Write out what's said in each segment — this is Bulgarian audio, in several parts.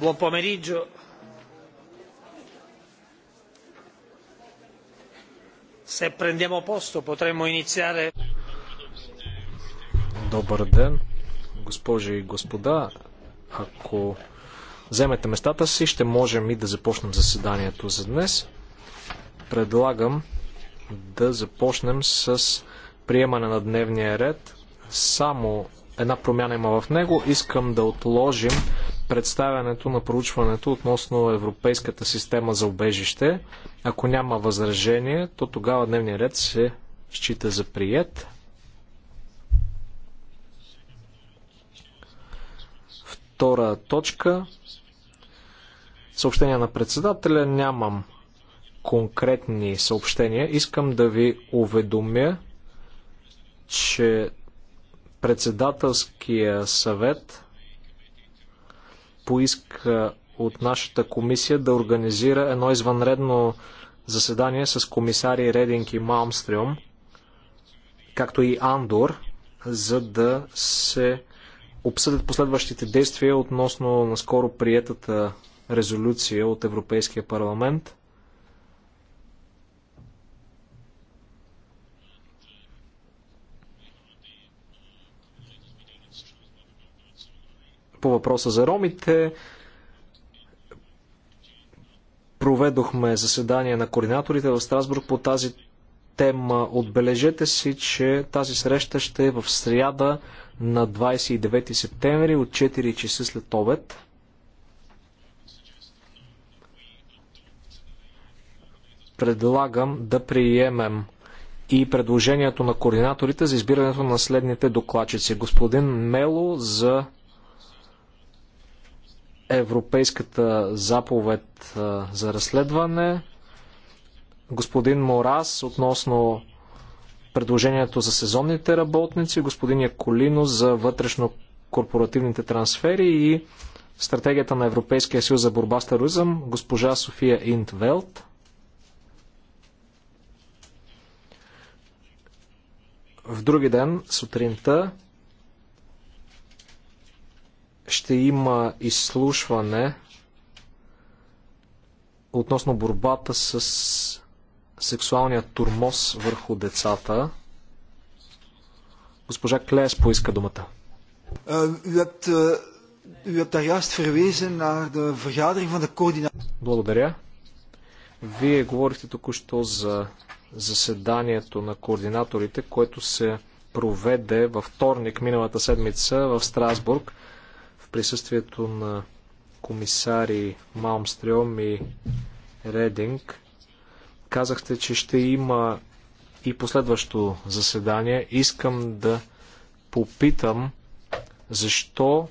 Buon pomeriggio. Se prendiamo posto potremmo iniziare. Добър ден, госпожи и господа. Ако вземете местата си, ще можем и да започнем заседанието за днес. Предлагам да започнем с приемане на дневния ред. Само една промяна има в него. Искам да отложим представянето на проучването относно Европейската система за убежище. Ако няма възражение, то тогава дневният ред се счита за прият. Втора точка. Съобщение на председателя. Нямам конкретни съобщения. Искам да ви уведомя, че Председателския съвет поиска от нашата комисия да организира едно извънредно заседание с комисари Рединг и Малмстрюм, както и Андор, за да се обсъдят последващите действия относно наскоро приетата резолюция от Европейския парламент – по въпроса за ромите. Проведохме заседание на координаторите в Страсбург по тази тема. Отбележете си, че тази среща ще е в сряда на 29 септември от 4 часа след обед. Предлагам да приемем и предложението на координаторите за избирането на следните докладчици. Господин Мело за Европейската заповед за разследване, господин Морас относно предложението за сезонните работници, господин Яколино за вътрешно корпоративните трансфери и стратегията на Европейския съюз за борба с тероризъм, госпожа София Интвелт. В други ден, сутринта, ще има изслушване относно борбата с сексуалния турмоз върху децата. Госпожа Клеес поиска думата. Благодаря. Вие говорихте току-що за заседанието на координаторите, което се проведе във вторник миналата седмица в Страсбург присъствието на комисари Малмстрем и Рединг. Казахте, че ще има и последващо заседание. Искам да попитам защо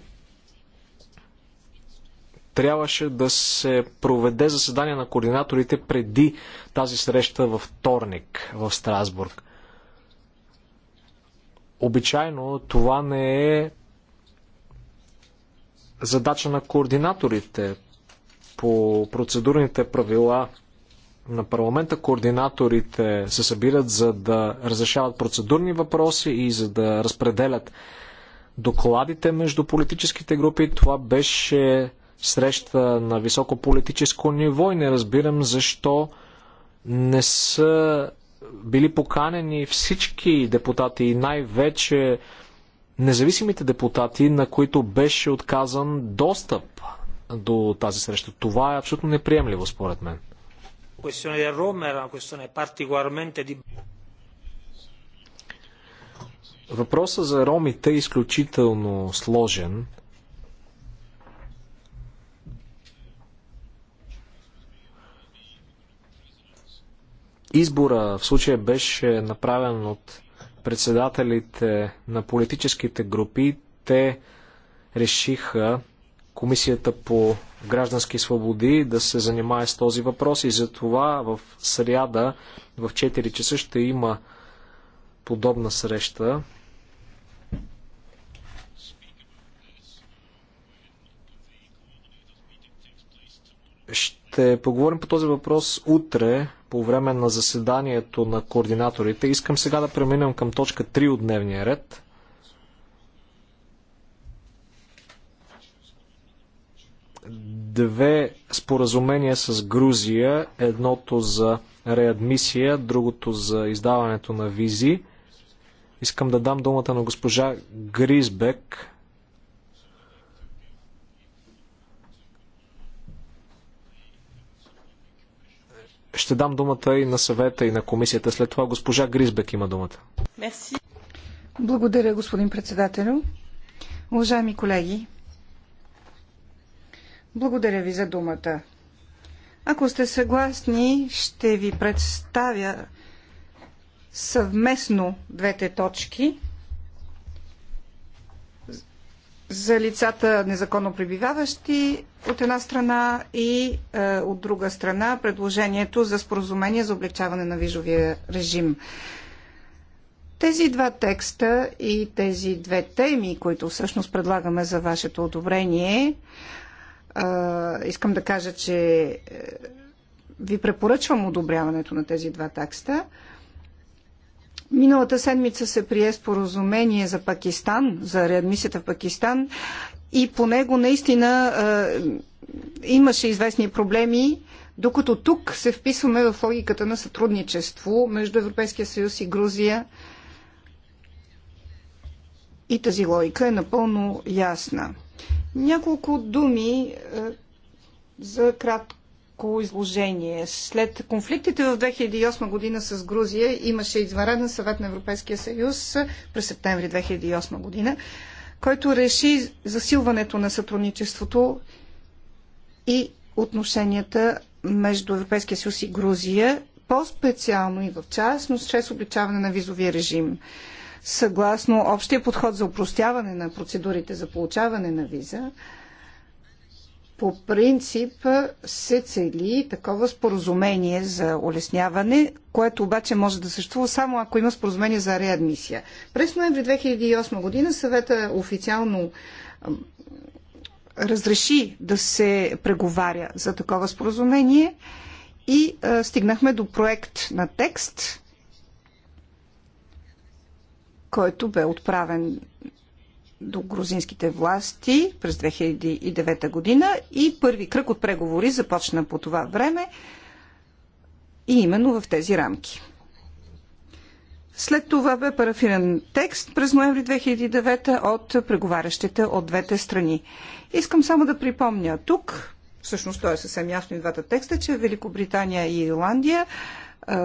трябваше да се проведе заседание на координаторите преди тази среща във вторник в Страсбург. Обичайно това не е задача на координаторите по процедурните правила на парламента. Координаторите се събират за да разрешават процедурни въпроси и за да разпределят докладите между политическите групи. Това беше среща на високо политическо ниво и не разбирам защо не са били поканени всички депутати и най-вече независимите депутати, на които беше отказан достъп до тази среща. Това е абсолютно неприемливо, според мен. Въпросът за ромите е изключително сложен. Избора в случая беше направен от председателите на политическите групи, те решиха Комисията по граждански свободи да се занимае с този въпрос и затова в сряда в 4 часа ще има подобна среща. Ще поговорим по този въпрос утре по време на заседанието на координаторите. Искам сега да преминем към точка 3 от дневния ред. Две споразумения с Грузия, едното за реадмисия, другото за издаването на визи. Искам да дам думата на госпожа Гризбек, Ще дам думата и на съвета и на комисията. След това госпожа Гризбек има думата. Мерси. Благодаря, господин председател. Уважаеми колеги, благодаря ви за думата. Ако сте съгласни, ще ви представя съвместно двете точки – за лицата незаконно пребиваващи от една страна и е, от друга страна предложението за споразумение за облегчаване на вижовия режим. Тези два текста и тези две теми, които всъщност предлагаме за вашето одобрение, е, искам да кажа, че е, ви препоръчвам одобряването на тези два текста. Е, Миналата седмица се прие споразумение за Пакистан, за реадмисията в Пакистан и по него наистина е, имаше известни проблеми, докато тук се вписваме в логиката на сътрудничество между Европейския съюз и Грузия. И тази логика е напълно ясна. Няколко думи е, за кратко кратко изложение. След конфликтите в 2008 година с Грузия имаше извънреден съвет на Европейския съюз през септември 2008 година, който реши засилването на сътрудничеството и отношенията между Европейския съюз и Грузия, по-специално и в частност чрез обличаване на визовия режим. Съгласно общия подход за упростяване на процедурите за получаване на виза, по принцип се цели такова споразумение за улесняване, което обаче може да съществува само ако има споразумение за реадмисия. През ноември 2008 година съвета официално разреши да се преговаря за такова споразумение и а, стигнахме до проект на текст, който бе отправен до грузинските власти през 2009 година и първи кръг от преговори започна по това време и именно в тези рамки. След това бе парафиран текст през ноември 2009 от преговарящите от двете страни. Искам само да припомня тук, всъщност то е съвсем ясно и двата текста, че Великобритания и Ирландия е,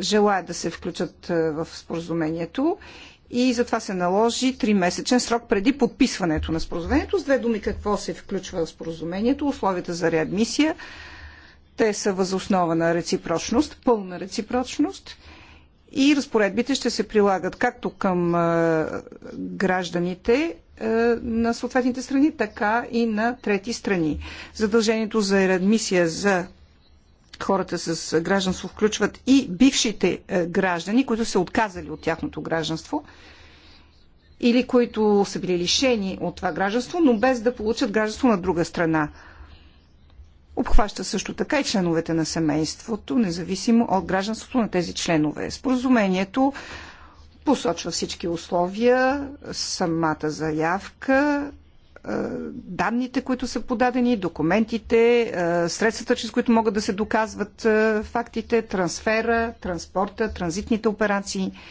желаят да се включат в споразумението и затова се наложи 3-месечен срок преди подписването на споразумението. С две думи какво се включва в споразумението, условията за реадмисия. Те са възоснова на реципрочност, пълна реципрочност и разпоредбите ще се прилагат както към е, гражданите е, на съответните страни, така и на трети страни. Задължението за реадмисия за хората с гражданство включват и бившите граждани, които са отказали от тяхното гражданство или които са били лишени от това гражданство, но без да получат гражданство на друга страна. Обхваща също така и членовете на семейството, независимо от гражданството на тези членове. Споразумението посочва всички условия, самата заявка, е, данните, които са подадени, документите, е, средствата, чрез които могат да се доказват е, фактите, трансфера, транспорта, транзитните операции –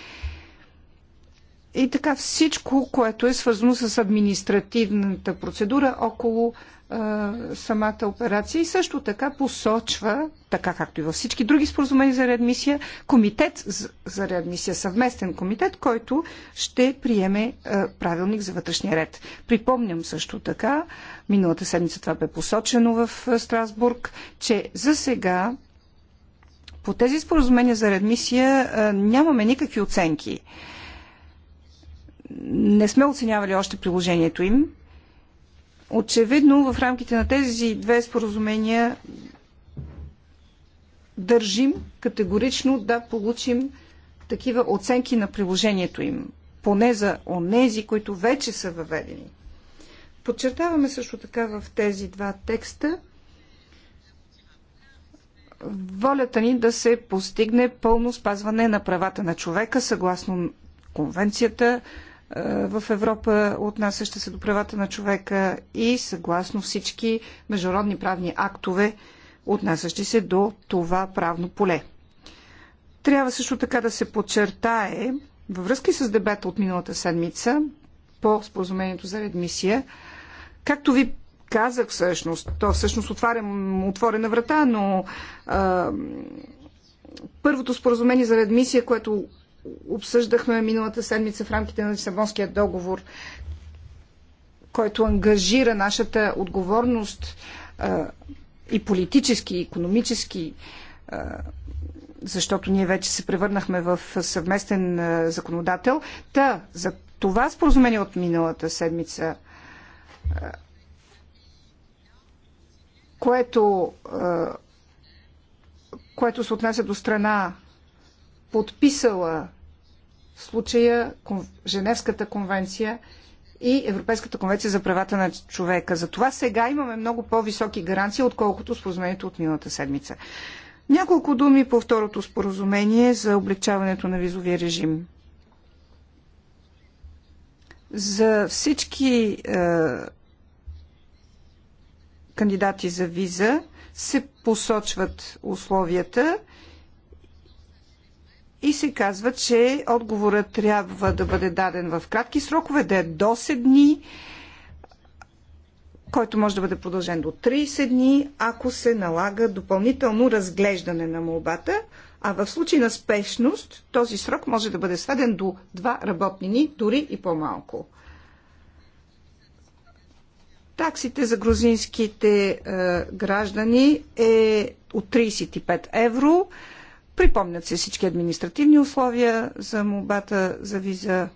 и така всичко, което е свързано с административната процедура около а, самата операция и също така посочва, така както и във всички други споразумения за реадмисия, комитет за реадмисия, съвместен комитет, който ще приеме а, правилник за вътрешния ред. Припомням също така, миналата седмица това бе посочено в Страсбург, че за сега по тези споразумения за реадмисия а, нямаме никакви оценки не сме оценявали още приложението им. Очевидно, в рамките на тези две споразумения държим категорично да получим такива оценки на приложението им, поне за онези, които вече са въведени. Подчертаваме също така в тези два текста волята ни да се постигне пълно спазване на правата на човека съгласно конвенцията, е, в Европа отнасяща се до правата на човека и съгласно всички международни правни актове, отнасящи се до това правно поле. Трябва също така да се подчертае, във връзка с дебата от миналата седмица по споразумението за редмисия, както ви казах всъщност, то всъщност отварям отворена врата, но а, първото споразумение за редмисия, което обсъждахме миналата седмица в рамките на Лисабонския договор, който ангажира нашата отговорност и политически, и економически, защото ние вече се превърнахме в съвместен законодател. Та, за това споразумение от миналата седмица, което, което се отнася до страна подписала случая Женевската конвенция и Европейската конвенция за правата на човека. Затова сега имаме много по-високи гаранции, отколкото споразумението от миналата седмица. Няколко думи по второто споразумение за облегчаването на визовия режим. За всички е, кандидати за виза се посочват условията и се казва, че отговорът трябва да бъде даден в кратки срокове, да е до 7 дни, който може да бъде продължен до 30 дни, ако се налага допълнително разглеждане на молбата, а в случай на спешност този срок може да бъде сведен до 2 работни дни, дори и по-малко. Таксите за грузинските е, граждани е от 35 евро. Припомнят се всички административни условия за мобата за виза.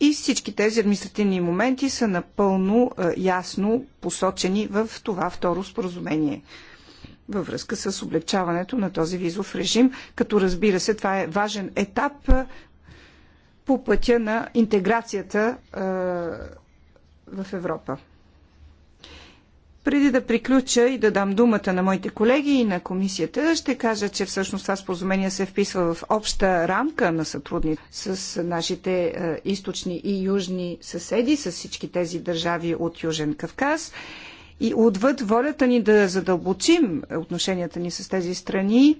И всички тези административни моменти са напълно е, ясно посочени в това второ споразумение във връзка с облегчаването на този визов режим, като разбира се, това е важен етап е, по пътя на интеграцията е, в Европа. Преди да приключа и да дам думата на моите колеги и на комисията, ще кажа, че всъщност това споразумение се вписва в обща рамка на сътрудничество с нашите е, източни и южни съседи, с всички тези държави от Южен Кавказ. И отвъд волята ни да задълбочим отношенията ни с тези страни,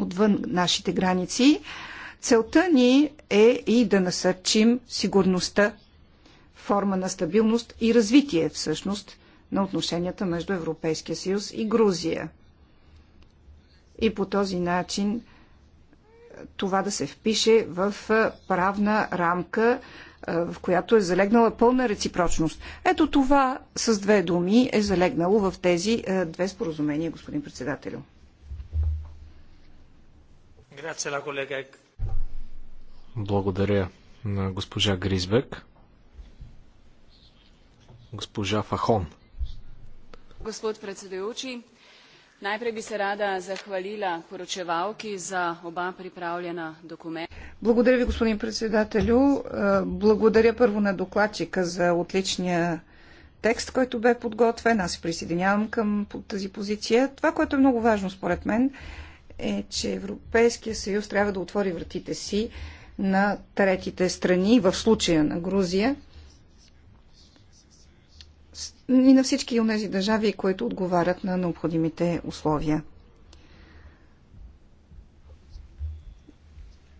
отвън нашите граници, целта ни е и да насърчим сигурността, форма на стабилност и развитие всъщност – на отношенията между Европейския съюз и Грузия. И по този начин това да се впише в правна рамка, в която е залегнала пълна реципрочност. Ето това с две думи е залегнало в тези две споразумения, господин председателю. Благодаря на госпожа Гризбек. Госпожа Фахон. Gospod predsedujoči, najprej bi се рада захвалила поручевалки за оба приправljena документа. Благодаря ви, господин председателю. Е, благодаря първо на докладчика за отличния текст, който бе подготвен. Аз се присъединявам към тази позиция. Това, което е много важно според мен, е, че Европейския съюз трябва да отвори вратите си на третите страни, в случая на Грузия, и на всички от тези държави, които отговарят на необходимите условия.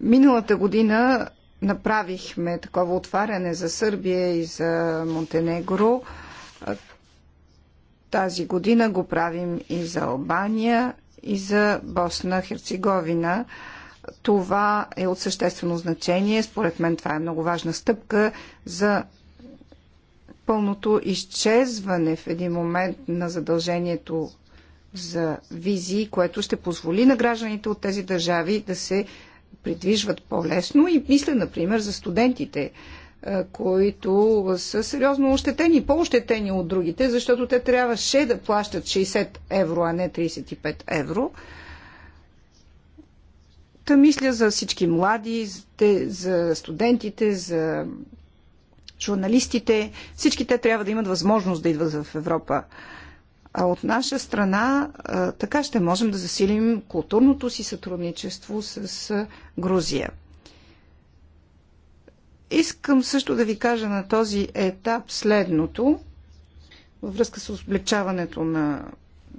Миналата година направихме такова отваряне за Сърбия и за Монтенегро. Тази година го правим и за Албания, и за Босна Херцеговина. Това е от съществено значение. Според мен това е много важна стъпка за пълното изчезване в един момент на задължението за визии, което ще позволи на гражданите от тези държави да се придвижват по-лесно и мисля, например, за студентите, които са сериозно ощетени, по-ощетени от другите, защото те трябваше да плащат 60 евро, а не 35 евро. Та мисля за всички млади, за студентите, за журналистите, всички те трябва да имат възможност да идват в Европа. А от наша страна така ще можем да засилим културното си сътрудничество с Грузия. Искам също да ви кажа на този етап следното във връзка с облегчаването на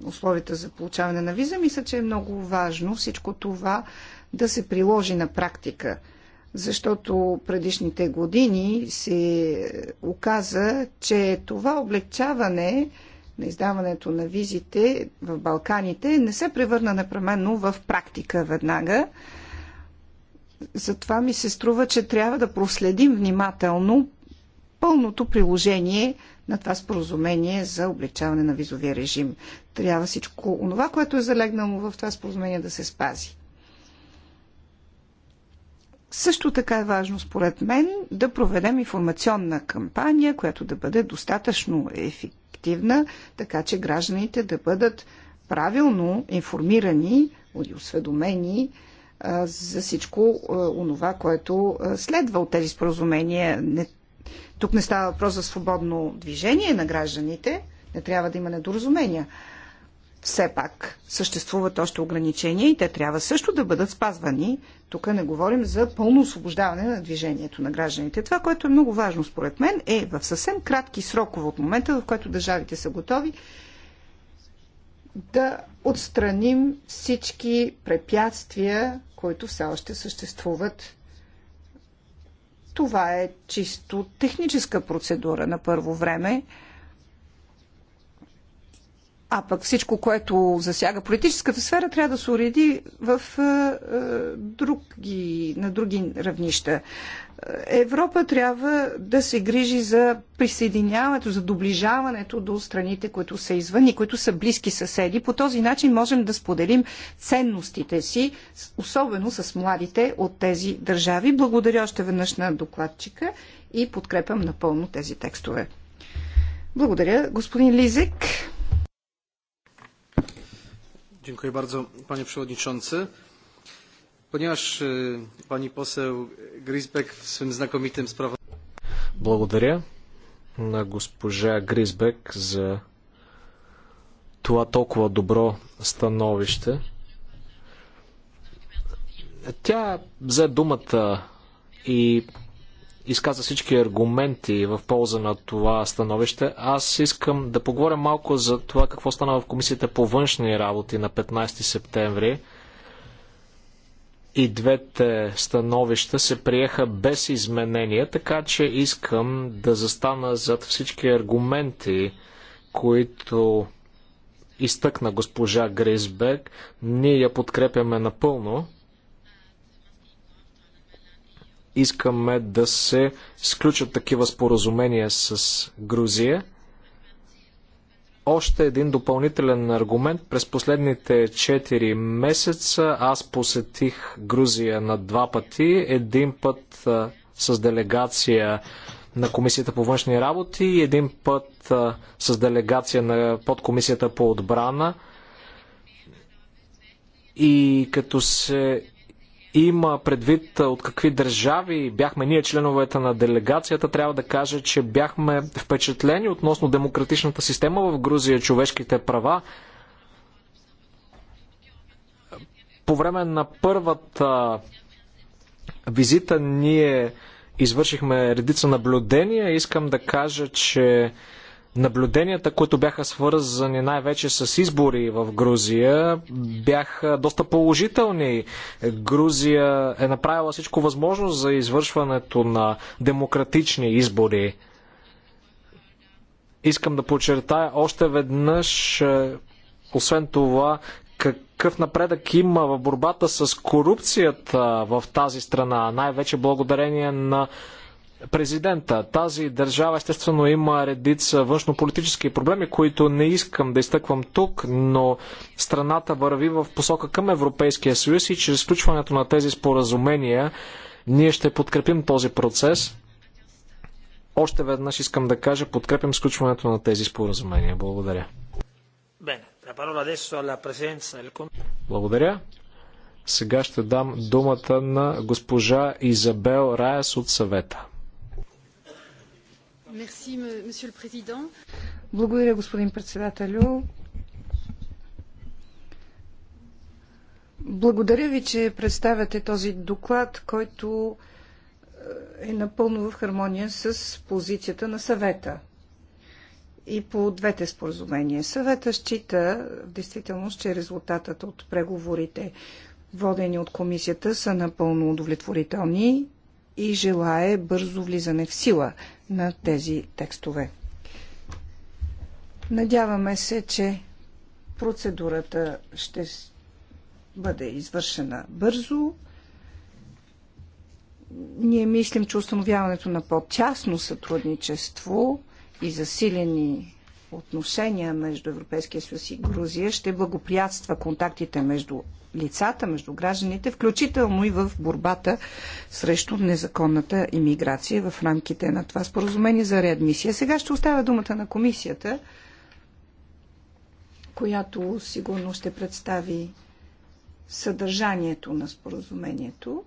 условията за получаване на виза. Мисля, че е много важно всичко това да се приложи на практика – защото предишните години се оказа, че това облегчаване на издаването на визите в Балканите не се превърна непременно в практика веднага. Затова ми се струва, че трябва да проследим внимателно пълното приложение на това споразумение за облегчаване на визовия режим. Трябва всичко онова, което е залегнало в това споразумение да се спази. Също така е важно, според мен, да проведем информационна кампания, която да бъде достатъчно ефективна, така че гражданите да бъдат правилно информирани и осведомени за всичко онова, което следва от тези споразумения. Не, тук не става въпрос за свободно движение на гражданите, не трябва да има недоразумения все пак съществуват още ограничения и те трябва също да бъдат спазвани. Тук не говорим за пълно освобождаване на движението на гражданите. Това, което е много важно според мен, е в съвсем кратки срокове от момента, в който държавите са готови да отстраним всички препятствия, които все още съществуват. Това е чисто техническа процедура на първо време. А пък всичко, което засяга политическата сфера, трябва да се уреди в е, е, други, на други равнища. Европа трябва да се грижи за присъединяването, за доближаването до страните, които са извън и които са близки съседи. По този начин можем да споделим ценностите си, особено с младите от тези държави. Благодаря още веднъж на докладчика и подкрепям напълно тези текстове. Благодаря, господин Лизик. Dziękuję bardzo, panie przewodniczący. Ponieważ pani poseł Grisbeck w swym znakomitym sprawozdaniu. Благодаря на госпожа Гризбек за това толкова добро становище. Тя взе думата и изказа всички аргументи в полза на това становище. Аз искам да поговоря малко за това какво стана в Комисията по външни работи на 15 септември. И двете становища се приеха без изменения, така че искам да застана зад всички аргументи, които изтъкна госпожа Грисбек. Ние я подкрепяме напълно искаме да се сключат такива споразумения с Грузия. Още един допълнителен аргумент. През последните 4 месеца аз посетих Грузия на два пъти. Един път а, с делегация на Комисията по външни работи и един път а, с делегация на подкомисията по отбрана. И като се има предвид от какви държави бяхме ние членовете на делегацията, трябва да кажа, че бяхме впечатлени относно демократичната система в Грузия, човешките права. По време на първата визита ние извършихме редица наблюдения. Искам да кажа, че Наблюденията, които бяха свързани най-вече с избори в Грузия, бяха доста положителни. Грузия е направила всичко възможно за извършването на демократични избори. Искам да подчертая още веднъж, е, освен това, какъв напредък има в борбата с корупцията в тази страна, най-вече благодарение на президента. Тази държава естествено има редица външнополитически проблеми, които не искам да изтъквам тук, но страната върви в посока към Европейския съюз и чрез включването на тези споразумения ние ще подкрепим този процес. Още веднъж искам да кажа, подкрепим сключването на тези споразумения. Благодаря. Благодаря. Сега ще дам думата на госпожа Изабел Раес от съвета. Благодаря, господин председателю. Благодаря ви, че представяте този доклад, който е напълно в хармония с позицията на съвета и по двете споразумения. Съвета счита в действителност, че резултатът от преговорите, водени от комисията, са напълно удовлетворителни и желае бързо влизане в сила на тези текстове. Надяваме се, че процедурата ще бъде извършена бързо. Ние мислим, че установяването на по-тясно сътрудничество и засилени отношения между Европейския съюз и Грузия ще благоприятства контактите между лицата, между гражданите, включително и в борбата срещу незаконната иммиграция в рамките на това споразумение за реадмисия. Сега ще оставя думата на комисията, която сигурно ще представи съдържанието на споразумението.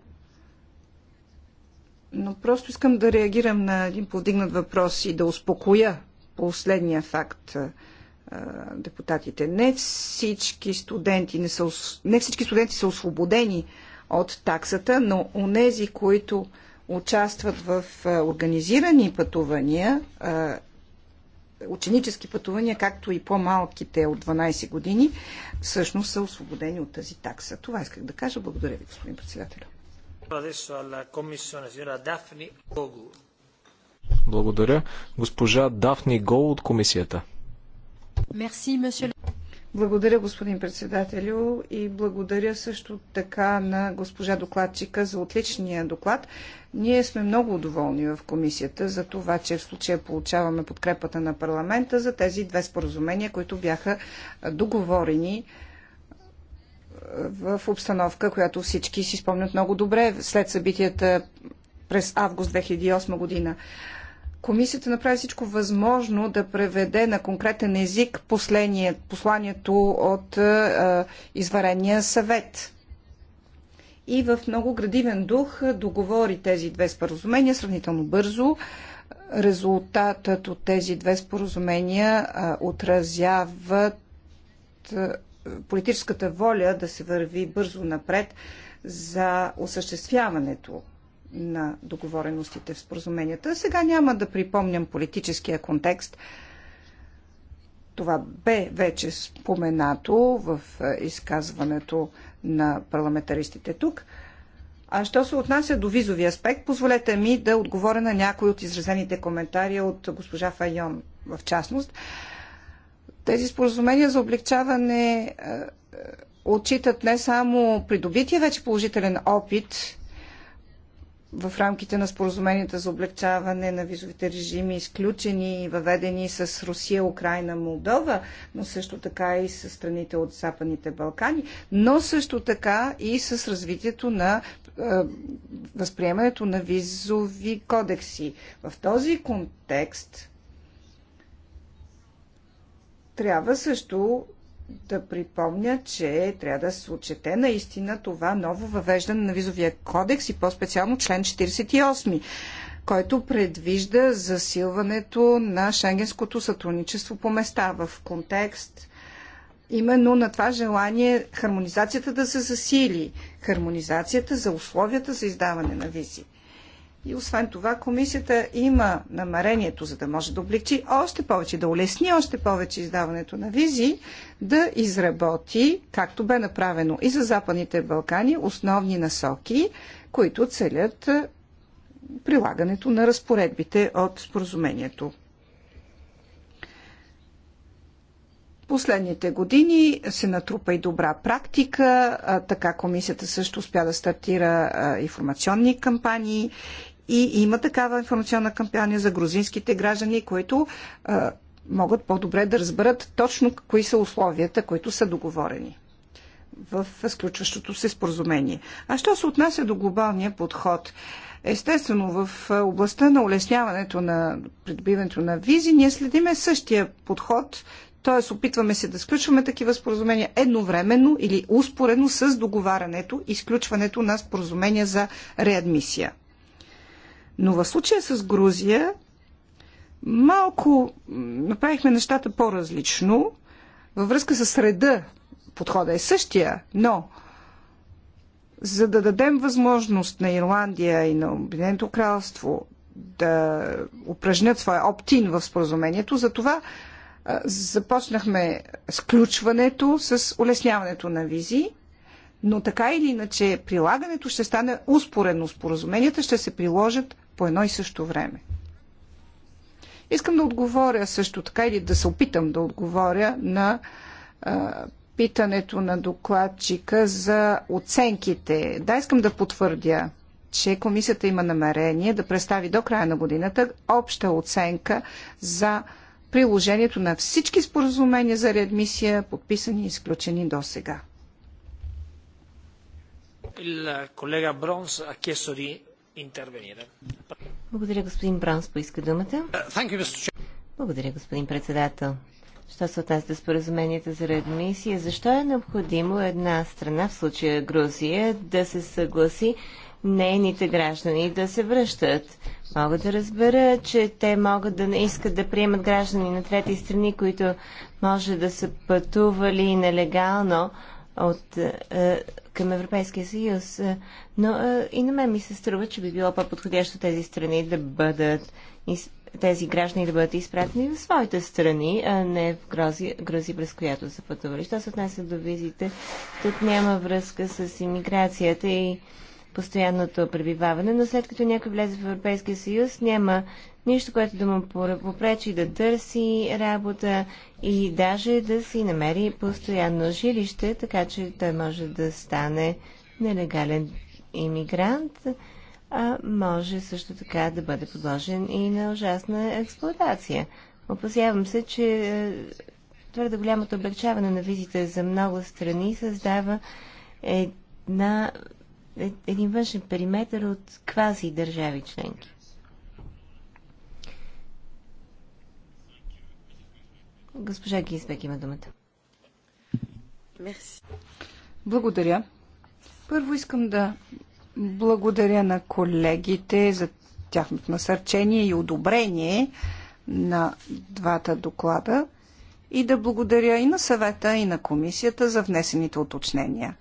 Но просто искам да реагирам на един повдигнат въпрос и да успокоя последния факт – депутатите. Не всички студенти, не, са, не всички студенти са освободени от таксата, но онези, които участват в организирани пътувания, ученически пътувания, както и по-малките от 12 години, всъщност са освободени от тази такса. Това исках да кажа. Благодаря ви, господин председател. Благодаря. Госпожа Дафни Гол от комисията. Благодаря, господин председателю, и благодаря също така на госпожа докладчика за отличния доклад. Ние сме много доволни в комисията за това, че в случая получаваме подкрепата на парламента за тези две споразумения, които бяха договорени е, в обстановка, която всички си спомнят много добре след събитията през август 2008 година. Комисията направи всичко възможно да преведе на конкретен език посланието от е, е, изварения съвет. И в много градивен дух договори тези две споразумения сравнително бързо. Резултатът от тези две споразумения е, отразяват е, политическата воля да се върви бързо напред за осъществяването на договореностите в споразуменията. Сега няма да припомням политическия контекст. Това бе вече споменато в е, изказването на парламентаристите тук. А що се отнася до визови аспект, позволете ми да отговоря на някои от изразените коментари от госпожа Файон в частност. Тези споразумения за облегчаване е, е, отчитат не само придобития вече положителен опит, в рамките на споразуменията за облегчаване на визовите режими, изключени и въведени с Русия, Украина, Молдова, но също така и с страните от Западните Балкани, но също така и с развитието на е, възприемането на визови кодекси. В този контекст трябва също да припомня, че трябва да се отчете наистина това ново въвеждане на визовия кодекс и по-специално член 48 който предвижда засилването на шенгенското сътрудничество по места в контекст именно на това желание хармонизацията да се засили, хармонизацията за условията за издаване на визи. И освен това, комисията има намерението, за да може да облегчи още повече, да улесни още повече издаването на визи, да изработи, както бе направено и за Западните Балкани, основни насоки, които целят прилагането на разпоредбите от споразумението. Последните години се натрупа и добра практика, така комисията също успя да стартира информационни кампании и има такава информационна кампания за грузинските граждани, които а, могат по-добре да разберат точно кои са условията, които са договорени в сключващото се споразумение. А що се отнася до глобалния подход? Естествено, в областта на улесняването на придобиването на визи, ние следиме същия подход, т.е. опитваме се да сключваме такива споразумения едновременно или успоредно с договарянето и сключването на споразумения за реадмисия. Но в случая с Грузия малко направихме нещата по-различно. Във връзка с реда подхода е същия, но за да дадем възможност на Ирландия и на Обединеното кралство да упражнят своя оптин в споразумението, за това започнахме сключването с улесняването на визи, но така или иначе прилагането ще стане успоредно. Споразуменията ще се приложат по едно и също време. Искам да отговоря също така или да се опитам да отговоря на а, питането на докладчика за оценките. Да, искам да потвърдя, че комисията има намерение да представи до края на годината обща оценка за приложението на всички споразумения за реадмисия, подписани и изключени до сега. Il collega а ha chiesto di интервенира. Благодаря, господин Бранс, поиска думата. Uh, Благодаря, господин председател. Що се отнася до споразуменията за редмисия? защо е необходимо една страна, в случая Грузия, да се съгласи нейните граждани да се връщат? Мога да разбера, че те могат да не искат да приемат граждани на трети страни, които може да са пътували нелегално от, е, към Европейския съюз. Е, но е, и на мен ми се струва, че би било по-подходящо тези страни да бъдат тези граждани да бъдат изпратени в своите страни, а не в Грози, Грози през която са пътували. Що се отнася до визите, тук няма връзка с иммиграцията и постоянното пребиваване, но след като някой влезе в Европейския съюз, няма нищо, което да му попречи да търси работа и даже да си намери постоянно жилище, така че той може да стане нелегален иммигрант, а може също така да бъде подложен и на ужасна експлуатация. Опасявам се, че е, твърде голямото облегчаване на визите за много страни създава една е, един външен периметр от квази държави членки. Госпожа Гизбек има думата. Благодаря. Първо искам да благодаря на колегите за тяхното насърчение и одобрение на двата доклада и да благодаря и на съвета, и на комисията за внесените уточнения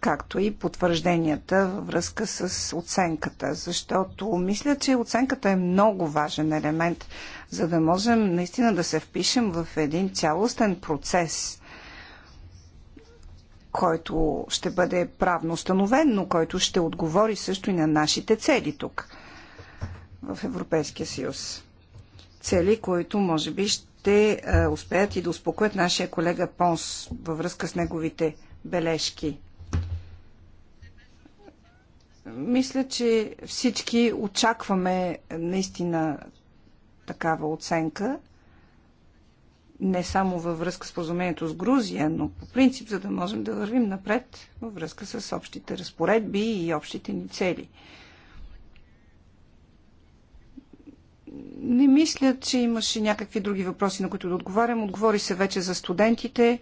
както и потвържденията във връзка с оценката, защото мисля, че оценката е много важен елемент, за да можем наистина да се впишем в един цялостен процес, който ще бъде правно установен, но който ще отговори също и на нашите цели тук в Европейския съюз. Цели, които може би ще е, успеят и да успокоят нашия колега Понс във връзка с неговите бележки. Мисля, че всички очакваме наистина такава оценка, не само във връзка с позумението с Грузия, но по принцип, за да можем да вървим напред във връзка с общите разпоредби и общите ни цели. Не мисля, че имаше някакви други въпроси, на които да отговарям. Отговори се вече за студентите.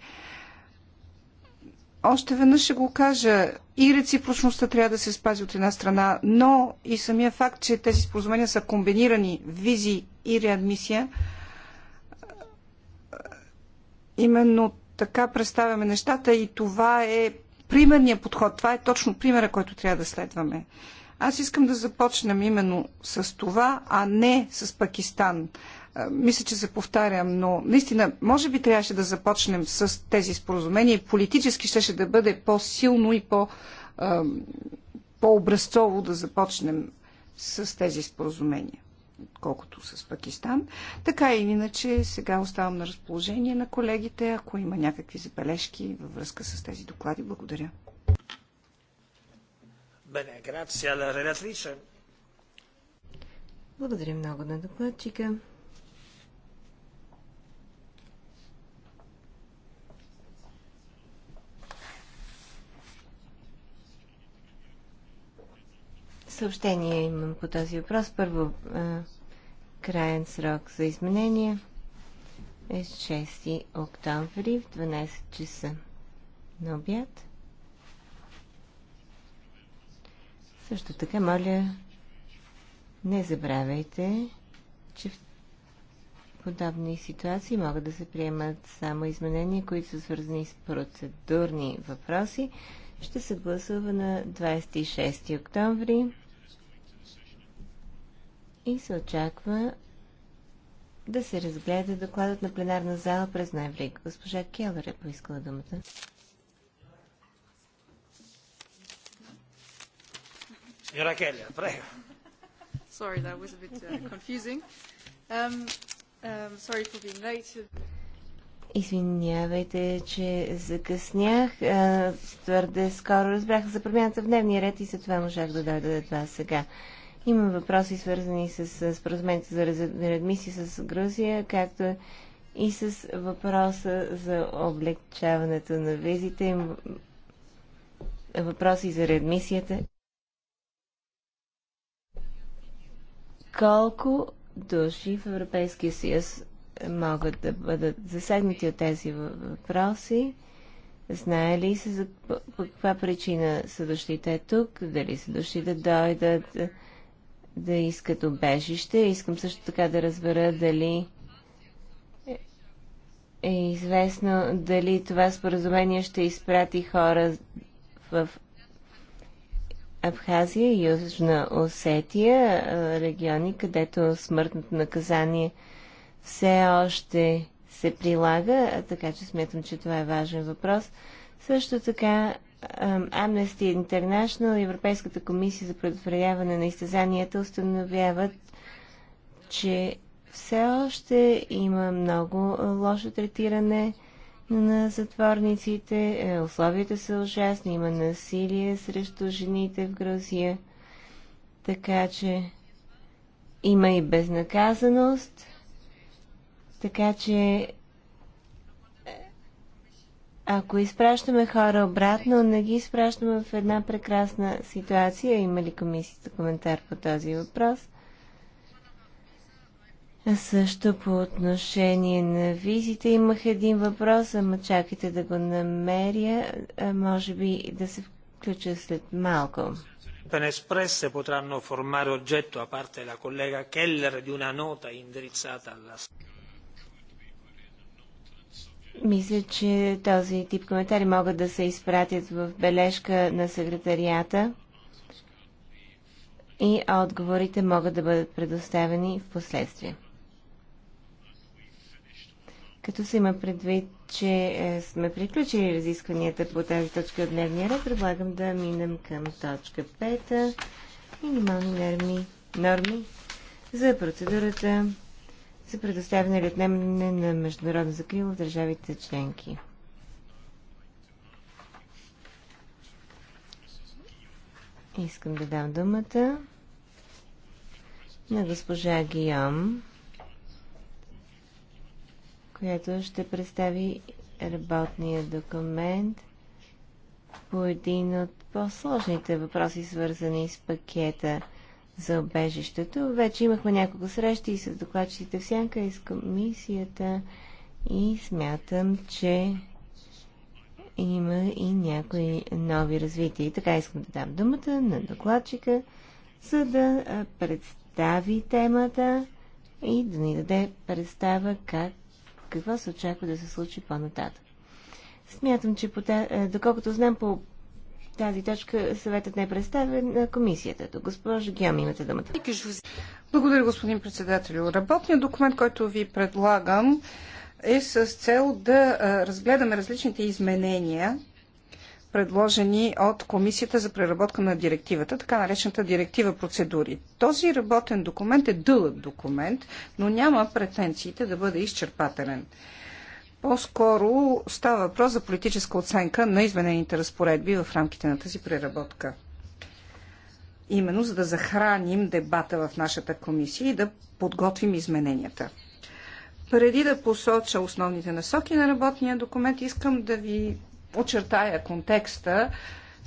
Още веднъж ще го кажа. И реципрочността трябва да се спази от една страна, но и самия факт, че тези споразумения са комбинирани визи и реадмисия, именно така представяме нещата и това е примерният подход. Това е точно примера, който трябва да следваме. Аз искам да започнем именно с това, а не с Пакистан. Мисля, че се повтарям, но наистина, може би трябваше да започнем с тези споразумения и политически щеше да бъде по-силно и по, по-образцово да започнем с тези споразумения, колкото с Пакистан. Така или иначе, сега оставам на разположение на колегите, ако има някакви забележки във връзка с тези доклади. Благодаря. Благодаря много на докладчика. Съобщение имам по този въпрос. Първо, краен срок за изменение е 6 октомври в 12 часа на обяд. Също така, моля, не забравяйте, че в подобни ситуации могат да се приемат само изменения, които са свързани с процедурни въпроси. Ще се гласува на 26 октомври и се очаква да се разгледа докладът на пленарна зала през ноември. Госпожа Келър е поискала думата. Signora Keller, Sorry, that was a bit uh, confusing. Um, um, sorry for being late. Извинявайте, че закъснях. Твърде скоро разбрах за промяната в дневния ред и за това можах да дойда до това сега. Има въпроси свързани с споразумението за редмисия с Грузия, както и с въпроса за облегчаването на визите, въпроси за редмисията, Колко души в Европейския съюз могат да бъдат засегнати от тези въпроси? Знае ли се за каква причина са дошли те тук? Дали са дошли да дойдат? да искат обежище. Искам също така да разбера дали е известно дали това споразумение ще изпрати хора в Абхазия и Южна Осетия, региони, където смъртното наказание все още се прилага, така че смятам, че това е важен въпрос. Също така Amnesty International и Европейската комисия за предотвратяване на изтезанията установяват, че все още има много лошо третиране на затворниците, условията са ужасни, има насилие срещу жените в Грузия, така че има и безнаказаност, така че ако изпращаме хора обратно, не ги изпращаме в една прекрасна ситуация. Има ли комисията коментар по този въпрос? А също по отношение на визите имах един въпрос, ама чакайте да го намеря. А може би да се включа след малко. Espresse potranno formare oggetto, a parte la collega Keller, di una nota indirizzata alla... Мисля, че този тип коментари могат да се изпратят в бележка на секретарията и отговорите могат да бъдат предоставени в последствие. Като се има предвид, че е, сме приключили разискванията по тази точка от дневния ред, предлагам да минем към точка 5. Минимални норми, норми за процедурата за предоставяне или отнемане на международна закрила в държавите членки. Искам да дам думата на госпожа Гиом, която ще представи работния документ по един от по-сложните въпроси, свързани с пакета – за обежището. Вече имахме няколко срещи и с докладчите в Сянка, и с комисията и смятам, че има и някои нови развития. И така искам да дам думата на докладчика, за да представи темата и да ни даде представа как, какво се очаква да се случи по-нататък. Смятам, че по, е, доколкото знам по тази точка съветът не е представен на комисията. До госпожа Геом имате думата. Благодаря, господин председател. Работният документ, който ви предлагам, е с цел да разгледаме различните изменения, предложени от Комисията за преработка на директивата, така наречената директива процедури. Този работен документ е дълъг документ, но няма претенциите да бъде изчерпателен. По-скоро става въпрос за политическа оценка на изменените разпоредби в рамките на тази преработка. Именно за да захраним дебата в нашата комисия и да подготвим измененията. Преди да посоча основните насоки на работния документ, искам да ви очертая контекста,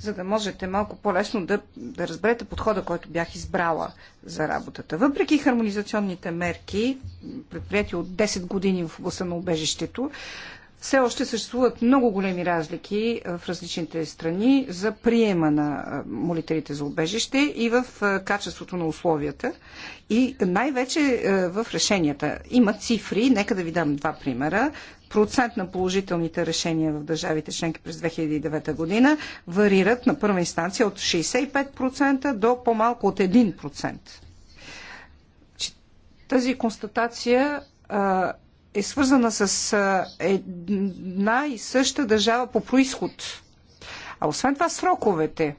за да можете малко по-лесно да, да разберете подхода, който бях избрала за работата. Въпреки хармонизационните мерки, предприяти от 10 години в областта на убежището, все още съществуват много големи разлики в различните страни за приема на молителите за убежище и в качеството на условията и най-вече в решенията. Има цифри, нека да ви дам два примера процент на положителните решения в държавите членки през 2009 година варират на първа инстанция от 65% до по-малко от 1%. Тази констатация е свързана с една и съща държава по происход. А освен това сроковете.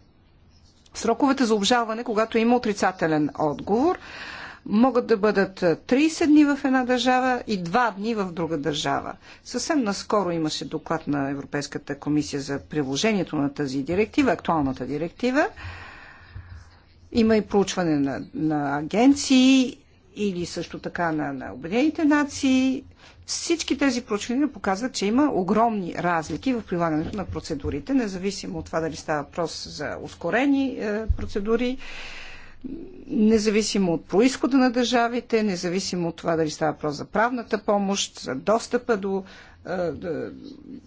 Сроковете за обжалване, когато има отрицателен отговор, могат да бъдат 30 дни в една държава и 2 дни в друга държава. Съвсем наскоро имаше доклад на Европейската комисия за приложението на тази директива, актуалната директива. Има и проучване на, на агенции или също така на, на Обединените нации. Всички тези проучвания показват, че има огромни разлики в прилагането на процедурите, независимо от това дали става въпрос за ускорени е, процедури независимо от происхода на държавите, независимо от това дали става въпрос за правната помощ, за достъпа до,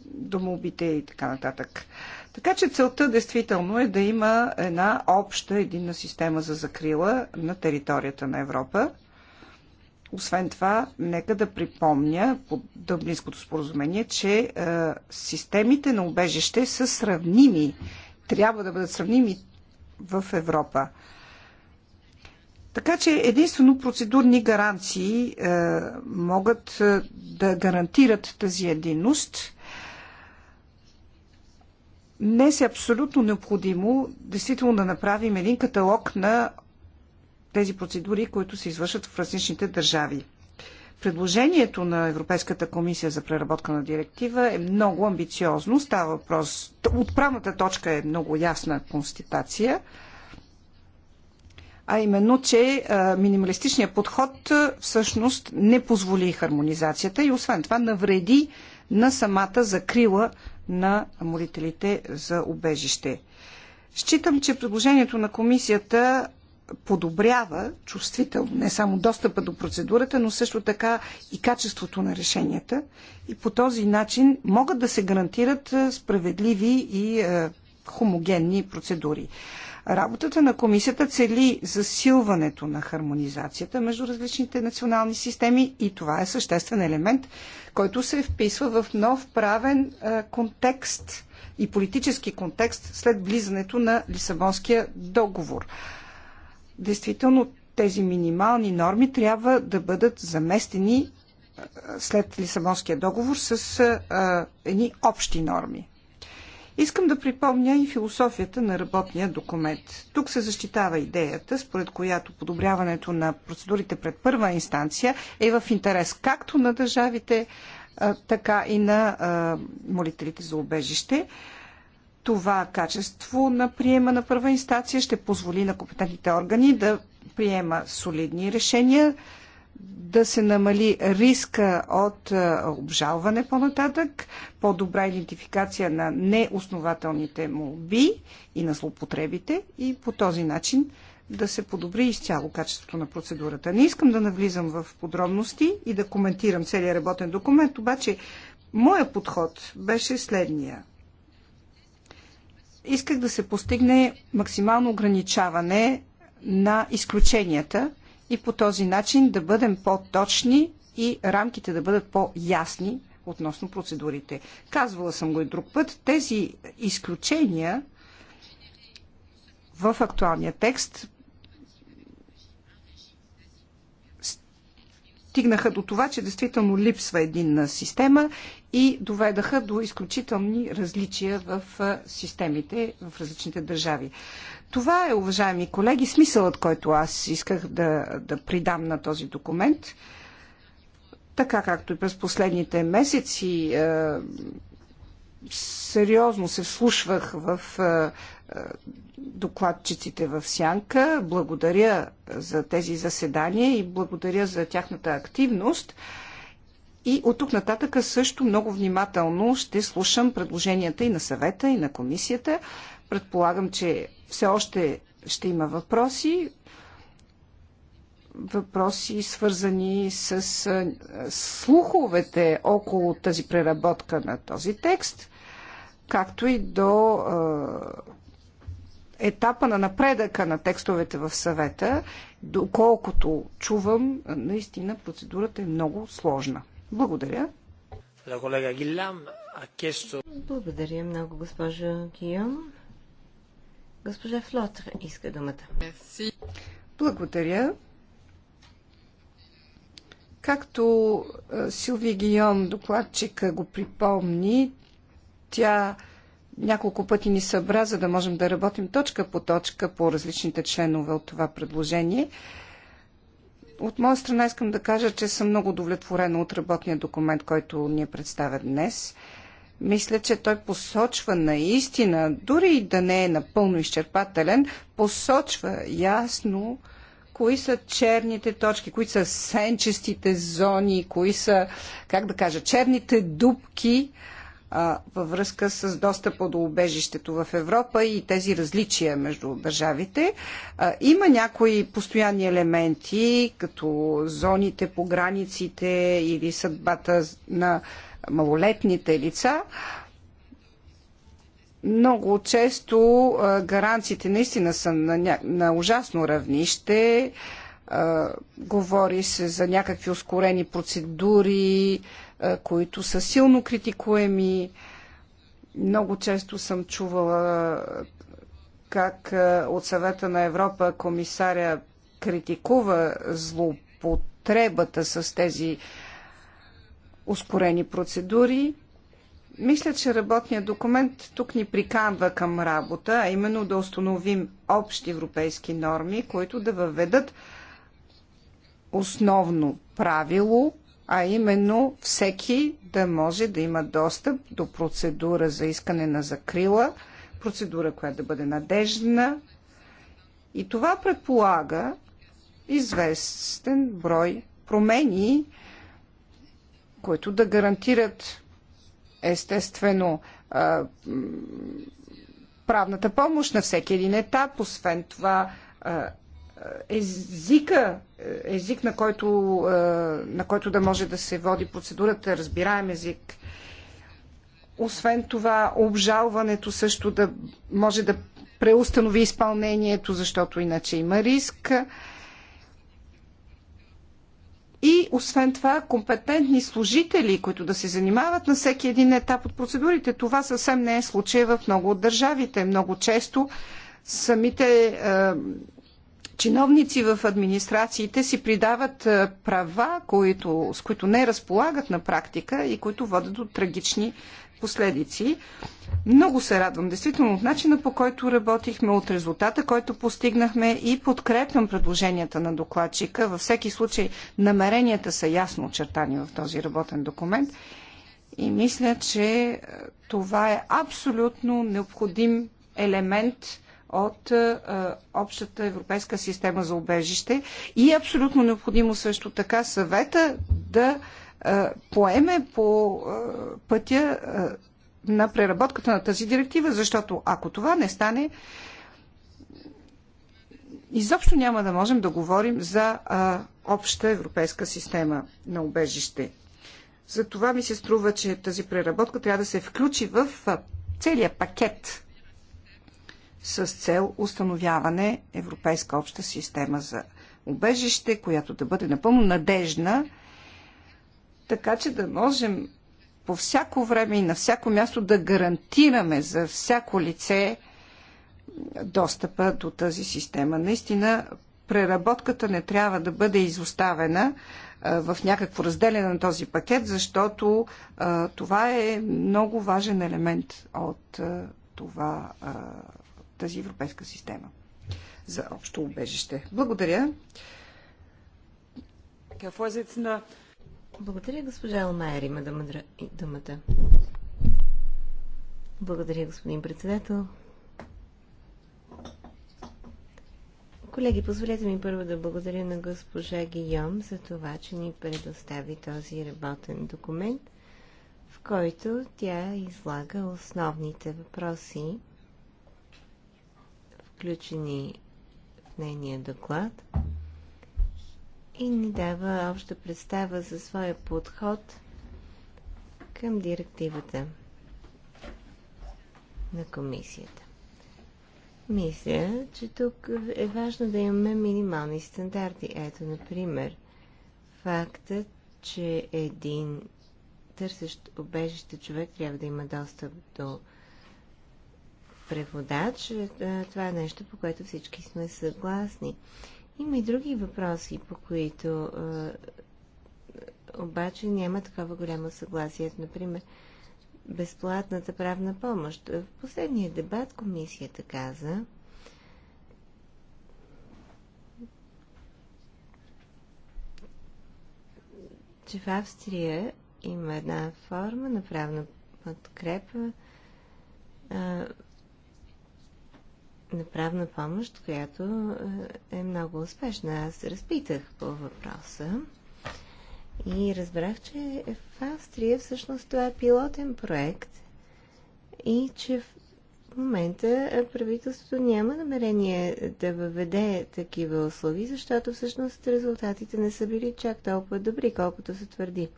до, мобите и така нататък. Така че целта действително е да има една обща единна система за закрила на територията на Европа. Освен това, нека да припомня по Дъблинското споразумение, че е, системите на убежище са сравними. Трябва да бъдат сравними в Европа. Така че единствено процедурни гаранции е, могат е, да гарантират тази единност. Днес е абсолютно необходимо действително да направим един каталог на тези процедури, които се извършват в различните държави. Предложението на Европейската комисия за преработка на директива е много амбициозно. Става въпрос. Отправната точка е много ясна констатация – а именно, че минималистичният подход всъщност не позволи хармонизацията и освен това навреди на самата закрила на молителите за убежище. Считам, че предложението на комисията подобрява чувствително не само достъпа до процедурата, но също така и качеството на решенията. И по този начин могат да се гарантират справедливи и е, хомогенни процедури. Работата на комисията цели засилването на хармонизацията между различните национални системи и това е съществен елемент, който се вписва в нов правен е, контекст и политически контекст след влизането на Лисабонския договор. Действително, тези минимални норми трябва да бъдат заместени е, след Лисабонския договор с е, едни общи норми. Искам да припомня и философията на работния документ. Тук се защитава идеята, според която подобряването на процедурите пред първа инстанция е в интерес както на държавите, така и на молителите за убежище. Това качество на приема на първа инстанция ще позволи на компетентните органи да приема солидни решения, да се намали риска от е, обжалване по-нататък, по-добра идентификация на неоснователните молби и на злопотребите и по този начин да се подобри изцяло качеството на процедурата. Не искам да навлизам в подробности и да коментирам целият работен документ, обаче моя подход беше следния. Исках да се постигне максимално ограничаване на изключенията и по този начин да бъдем по-точни и рамките да бъдат по-ясни относно процедурите. Казвала съм го и друг път, тези изключения в актуалния текст стигнаха до това, че действително липсва единна система и доведаха до изключителни различия в системите в различните държави. Това е, уважаеми колеги, смисълът, който аз исках да, да придам на този документ. Така както и през последните месеци е, сериозно се вслушвах в е, е, докладчиците в Сянка. Благодаря за тези заседания и благодаря за тяхната активност. И от тук нататъка също много внимателно ще слушам предложенията и на съвета, и на комисията. Предполагам, че все още ще има въпроси, въпроси свързани с слуховете около тази преработка на този текст, както и до етапа на напредъка на текстовете в съвета, доколкото чувам, наистина процедурата е много сложна. Благодаря. Благодаря много, госпожа Гион. Госпожа Флотър иска думата. Благодаря. Както е, Силви Гион докладчика, го припомни, тя няколко пъти ни събра, за да можем да работим точка по точка по различните членове от това предложение. От моя страна искам да кажа, че съм много удовлетворена от работния документ, който ни е представя днес – мисля, че той посочва наистина, дори и да не е напълно изчерпателен, посочва ясно кои са черните точки, кои са сенчестите зони, кои са, как да кажа, черните дубки а, във връзка с достъпа до убежището в Европа и тези различия между държавите. А, има някои постоянни елементи, като зоните по границите или съдбата на малолетните лица, много често гаранциите наистина са на, на ужасно равнище. Говори се за някакви ускорени процедури, които са силно критикуеми. Много често съм чувала как от съвета на Европа комисаря критикува злоупотребата с тези ускорени процедури. Мисля, че работният документ тук ни приканва към работа, а именно да установим общи европейски норми, които да въведат основно правило, а именно всеки да може да има достъп до процедура за искане на закрила, процедура, която да бъде надеждна. И това предполага известен брой промени, които да гарантират естествено правната помощ на всеки един етап, освен това езика, език на който, на който да може да се води процедурата, разбираем език. Освен това, обжалването също да може да преустанови изпълнението, защото иначе има риск и освен това компетентни служители, които да се занимават на всеки един етап от процедурите. Това съвсем не е случай в много от държавите. Много често самите е, чиновници в администрациите си придават е, права, които, с които не разполагат на практика и които водят до трагични последици. Много се радвам действително от начина по който работихме, от резултата, който постигнахме и подкрепям предложенията на докладчика. Във всеки случай намеренията са ясно очертани в този работен документ и мисля, че е, това е абсолютно необходим елемент от е, е, общата европейска система за убежище и е абсолютно необходимо също така съвета да поеме по пътя на преработката на тази директива, защото ако това не стане, изобщо няма да можем да говорим за обща европейска система на убежище. За това ми се струва, че тази преработка трябва да се включи в целия пакет с цел установяване Европейска обща система за убежище, която да бъде напълно надежна така че да можем по всяко време и на всяко място да гарантираме за всяко лице достъпа до тази система. Наистина, преработката не трябва да бъде изоставена в някакво разделяне на този пакет, защото това е много важен елемент от това, тази европейска система за общо убежище. Благодаря. Herr благодаря, госпожа Алмайер има думата. Благодаря, господин председател. Колеги, позволете ми първо да благодаря на госпожа Гийом за това, че ни предостави този работен документ, в който тя излага основните въпроси, включени в нейния доклад – и ни дава обща представа за своя подход към директивата на комисията. Мисля, че тук е важно да имаме минимални стандарти. Ето, например, фактът, че един търсещ обежище човек трябва да има достъп до преводач, е, това е нещо, по което всички сме съгласни. Има и други въпроси, по които а, обаче няма такова голямо съгласие. Например, безплатната правна помощ. В последния дебат комисията каза, че в Австрия има една форма на правна подкрепа, на правна помощ, която е, е много успешна. Аз разпитах по въпроса и разбрах, че в Австрия всъщност това е пилотен проект и че в момента правителството няма намерение да въведе такива услуги, защото всъщност резултатите не са били чак толкова добри, колкото се твърди.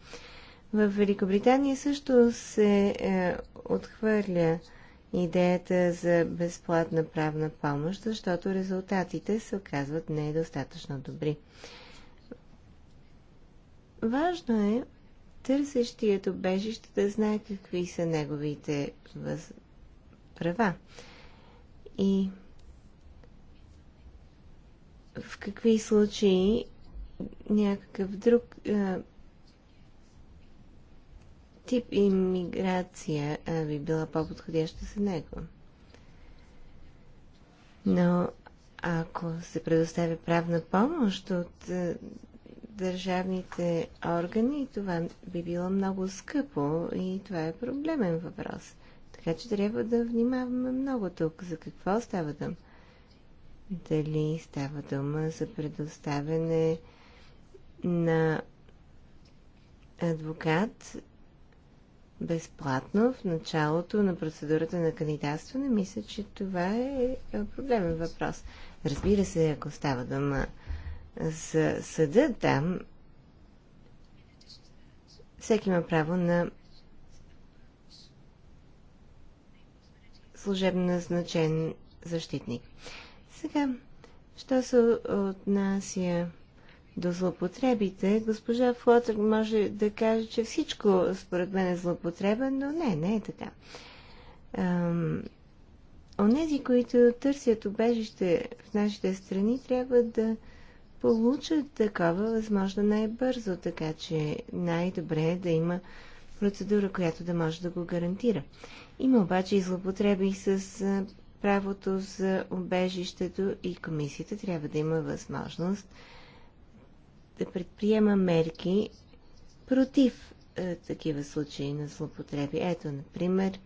В Великобритания също се е, отхвърля идеята за безплатна правна помощ, защото резултатите се оказват недостатъчно добри. Важно е търсещият обежище да знае какви са неговите въз... права и в какви случаи някакъв друг тип иммиграция би била по-подходяща за него. Но ако се предоставя правна помощ от държавните органи, това би било много скъпо и това е проблемен въпрос. Така че трябва да внимаваме много тук за какво става дом? Дали става дума за предоставяне на адвокат безплатно в началото на процедурата на кандидатстване, мисля, че това е, е проблемен въпрос. Разбира се, ако става дума за съда, там всеки има право на служебно назначен защитник. Сега, що се отнася до злопотребите, госпожа Флотър може да каже, че всичко според мен е злопотреба, но не, не е така. Ам... Онези, които търсят убежище в нашите страни, трябва да получат такова възможно най-бързо, така че най-добре е да има процедура, която да може да го гарантира. Има обаче и злопотреби с правото за убежището и комисията трябва да има възможност да предприема мерки против е, такива случаи на злопотреби. Ето, например,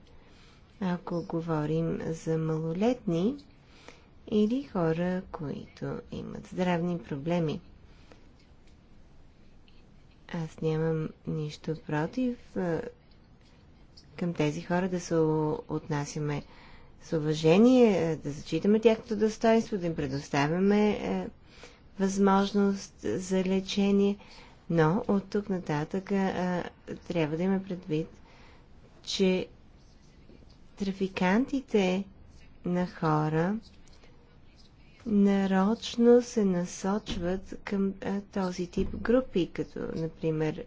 ако говорим за малолетни или хора, които имат здравни проблеми. Аз нямам нищо против е, към тези хора да се отнасяме с уважение, е, да зачитаме тяхното достоинство, да им предоставяме е, възможност за лечение, но от тук нататък а, трябва да има предвид, че трафикантите на хора нарочно се насочват към а, този тип групи, като, например,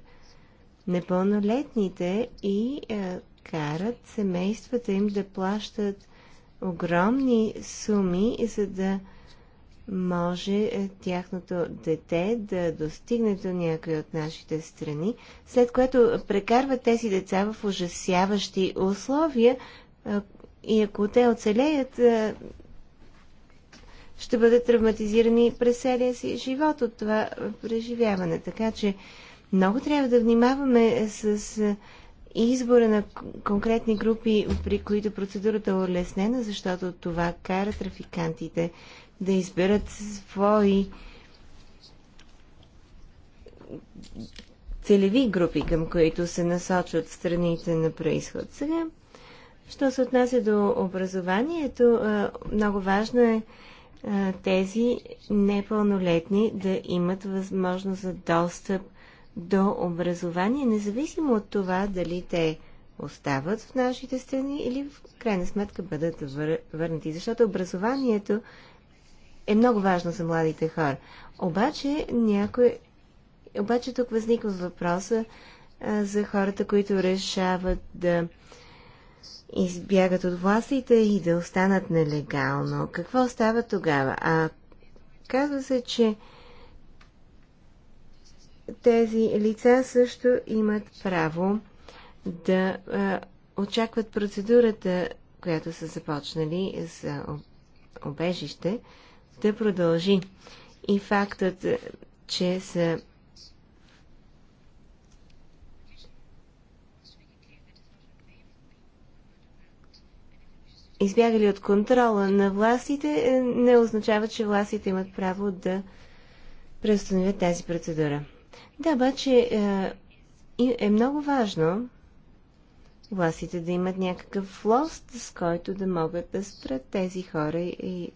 непълнолетните и а, карат семействата им да плащат огромни суми, за да може е, тяхното дете да достигне до някои от нашите страни, след което прекарват тези деца в ужасяващи условия и ако те оцелеят, ще бъдат травматизирани през целия си живот от това преживяване. Така че много трябва да внимаваме с избора на конкретни групи, при които процедурата е улеснена, защото това кара трафикантите да изберат свои целеви групи, към които се насочват страните на происход. Сега, що се отнася до образованието, много важно е тези непълнолетни да имат възможност за достъп до образование, независимо от това дали те остават в нашите страни или в крайна сметка бъдат върнати. Защото образованието е много важно за младите хора. Обаче, някой... Обаче тук възниква въпроса а, за хората, които решават да избягат от властите и да останат нелегално. Какво става тогава? А казва се, че тези лица също имат право да а, очакват процедурата, която са започнали за обежище, да продължи. И фактът, че са избягали от контрола на властите, е, не означава, че властите имат право да преустановят тази процедура. Да, обаче е, е много важно властите да имат някакъв лост, с който да могат да спрат тези хора и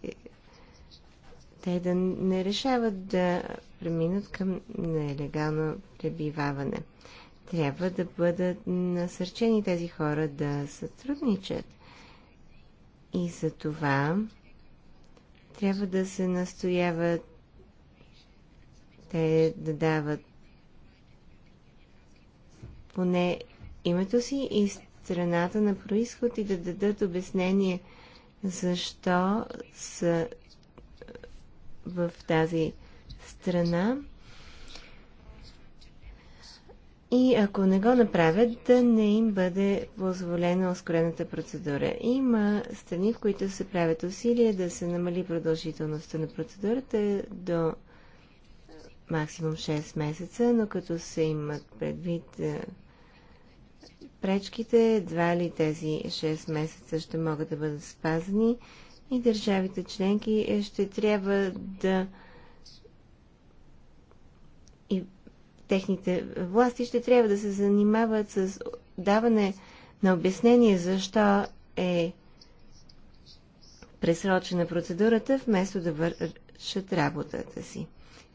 те да не решават да преминат към нелегално пребиваване. Трябва да бъдат насърчени тези хора да сътрудничат. И за това трябва да се настояват те да дават поне името си и страната на происход и да дадат обяснение защо са в тази страна. И ако не го направят, да не им бъде позволена ускорената процедура. Има страни, в които се правят усилия да се намали продължителността на процедурата до максимум 6 месеца, но като се имат предвид е, пречките, два ли тези 6 месеца ще могат да бъдат спазени и държавите членки е, ще трябва да и техните власти ще трябва да се занимават с даване на обяснение защо е пресрочена процедурата, вместо да вършат работата си.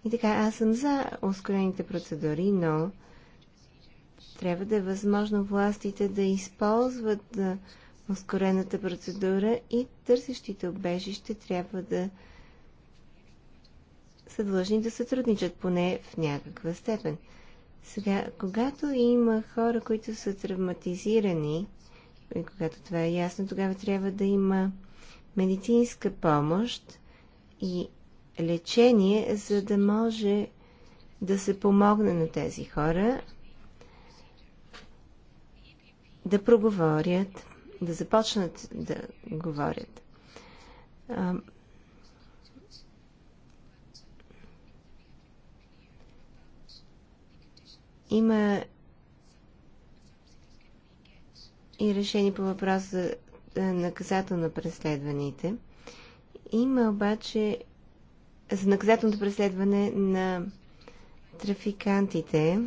И така, аз съм за ускорените процедури, но трябва да е възможно властите да използват ускорената процедура и търсещите обежище трябва да са длъжни да сътрудничат поне в някаква степен. Сега, когато има хора, които са травматизирани, и когато това е ясно, тогава трябва да има медицинска помощ и лечение, за да може да се помогне на тези хора да проговорят да започнат да говорят. има и решение по въпроса за наказателно преследваните. Има обаче за наказателното преследване на трафикантите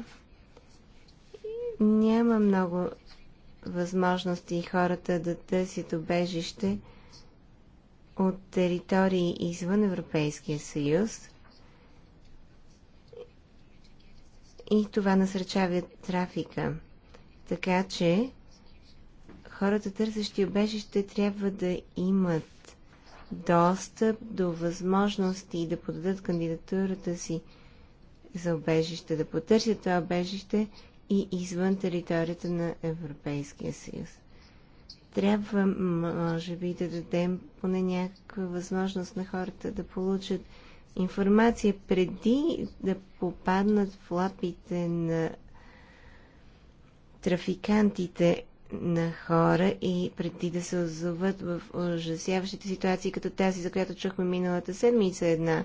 няма много възможности хората да търсят обежище от територии извън Европейския съюз и това насръчава трафика. Така че хората търсещи обежище трябва да имат достъп до възможности да подадат кандидатурата си за обежище, да потърсят това обежище и извън територията на Европейския съюз. Трябва, може би, да дадем поне някаква възможност на хората да получат информация преди да попаднат в лапите на трафикантите на хора и преди да се озоват в ужасяващите ситуации, като тази, за която чухме миналата седмица една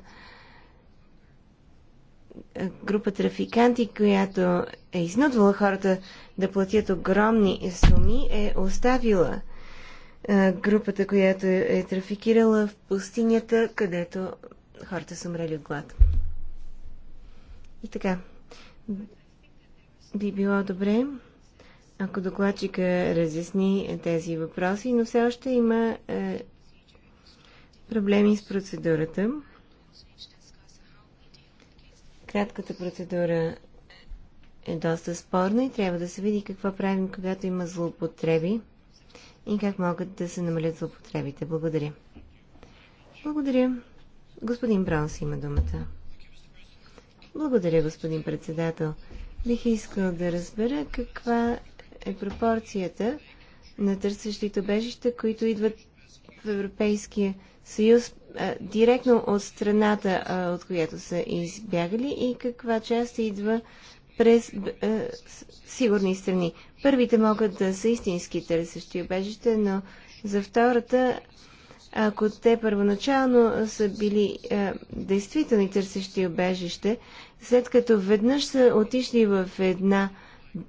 група трафиканти, която е изнудвала хората да платят огромни суми, е оставила групата, която е трафикирала в пустинята, където хората са умрели от глад. И така, би било добре, ако докладчика разясни тези въпроси, но все още има е, проблеми с процедурата кратката процедура е доста спорна и трябва да се види какво правим, когато има злоупотреби и как могат да се намалят злоупотребите. Благодаря. Благодаря. Господин Браунс има думата. Благодаря, господин председател. Бих искал да разбера каква е пропорцията на търсещите обежища, които идват в Европейския съюз а, директно от страната, а, от която са избягали и каква част идва през а, сигурни страни. Първите могат да са истински търсещи обежище, но за втората, ако те първоначално са били а, действителни търсещи обежище, след като веднъж са отишли в една а,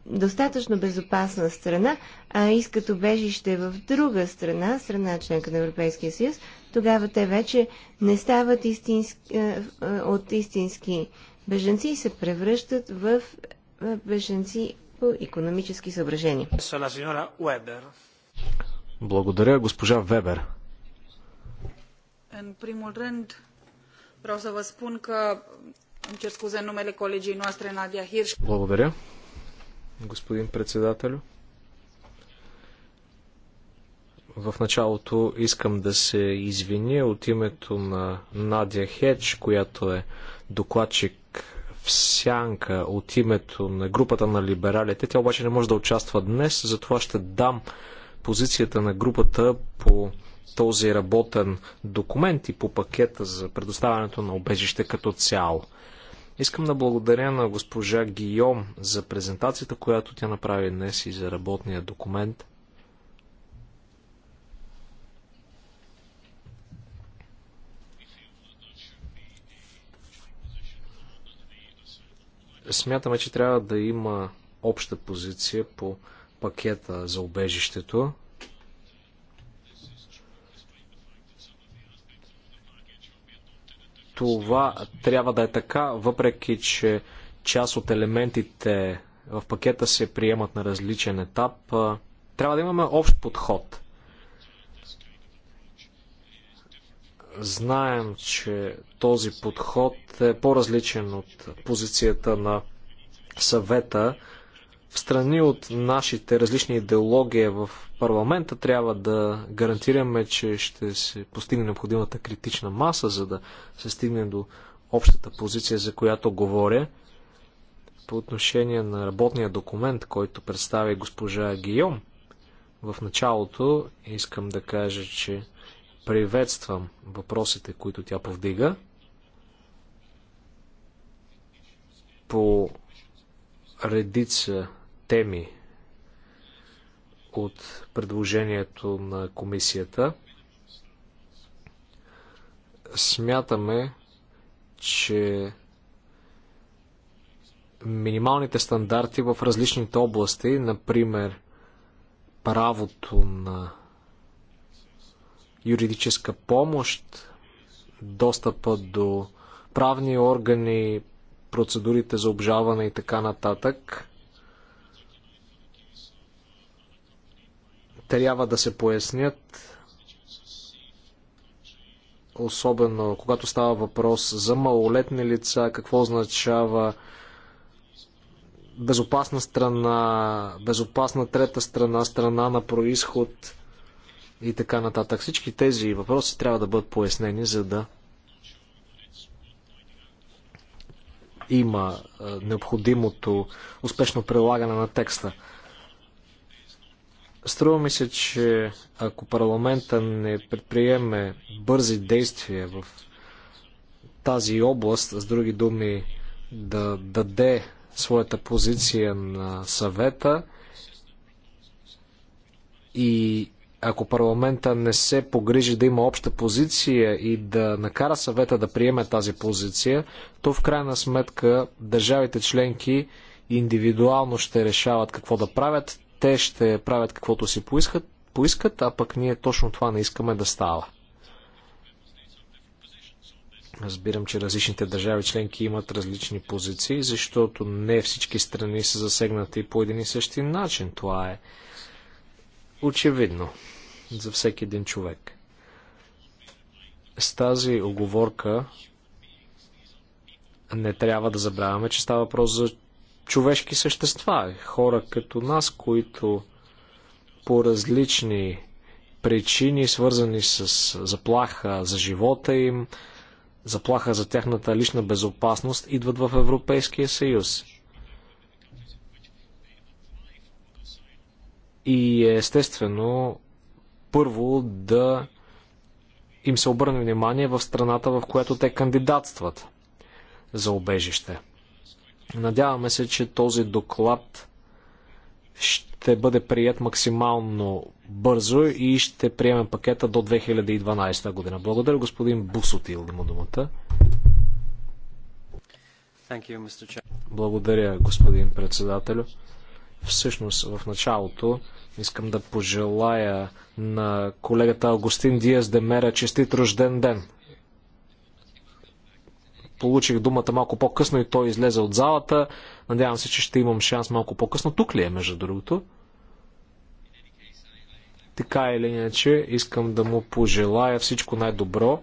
достатъчно безопасна страна, а искат убежище в друга страна, страна членка на Европейския съюз, тогава те вече не стават истински, е, е, от истински беженци и се превръщат в е, беженци по економически съображения. Благодаря, госпожа Вебер. În primul rând, vreau să vă spun că îmi cer scuze în numele colegii noastre, Nadia Hirsch. Благодаря господин председателю. В началото искам да се извиня от името на Надя Хедж, която е докладчик в сянка от името на групата на либералите. Тя обаче не може да участва днес, затова ще дам позицията на групата по този работен документ и по пакета за предоставянето на обежище като цяло. Искам да благодаря на госпожа Гийом за презентацията, която тя направи днес и за работния документ. Смятаме, че трябва да има обща позиция по пакета за убежището. това трябва да е така, въпреки че част от елементите в пакета се приемат на различен етап. Трябва да имаме общ подход. Знаем, че този подход е по-различен от позицията на съвета в страни от нашите различни идеологии в парламента трябва да гарантираме, че ще се постигне необходимата критична маса, за да се стигне до общата позиция, за която говоря. По отношение на работния документ, който представи госпожа Гийом, в началото искам да кажа, че приветствам въпросите, които тя повдига. По редица теми от предложението на комисията. Смятаме, че минималните стандарти в различните области, например правото на юридическа помощ, достъпа до правни органи, процедурите за обжаване и така нататък, трябва да се пояснят, особено когато става въпрос за малолетни лица, какво означава безопасна страна, безопасна трета страна, страна на происход и така нататък. Всички тези въпроси трябва да бъдат пояснени, за да има необходимото успешно прилагане на текста. Струва ми се, че ако парламента не предприеме бързи действия в тази област, с други думи, да даде своята позиция на съвета и ако парламента не се погрижи да има обща позиция и да накара съвета да приеме тази позиция, то в крайна сметка държавите членки индивидуално ще решават какво да правят те ще правят каквото си поискат, поискат, а пък ние точно това не искаме да става. Разбирам, че различните държави членки имат различни позиции, защото не всички страни са засегнати по един и същи начин. Това е очевидно за всеки един човек. С тази оговорка не трябва да забравяме, че става въпрос за човешки същества, хора като нас, които по различни причини, свързани с заплаха за живота им, заплаха за тяхната лична безопасност, идват в Европейския съюз. И е естествено, първо да им се обърне внимание в страната, в която те кандидатстват за обежище. Надяваме се, че този доклад ще бъде прият максимално бързо и ще приемем пакета до 2012 година. Благодаря господин Бусотил да му думата. Благодаря, господин председателю. Всъщност, в началото искам да пожелая на колегата Агустин Диас Демера честит рожден ден получих думата малко по-късно и той излезе от залата. Надявам се, че ще имам шанс малко по-късно. Тук ли е, между другото? Така или иначе, искам да му пожелая всичко най-добро.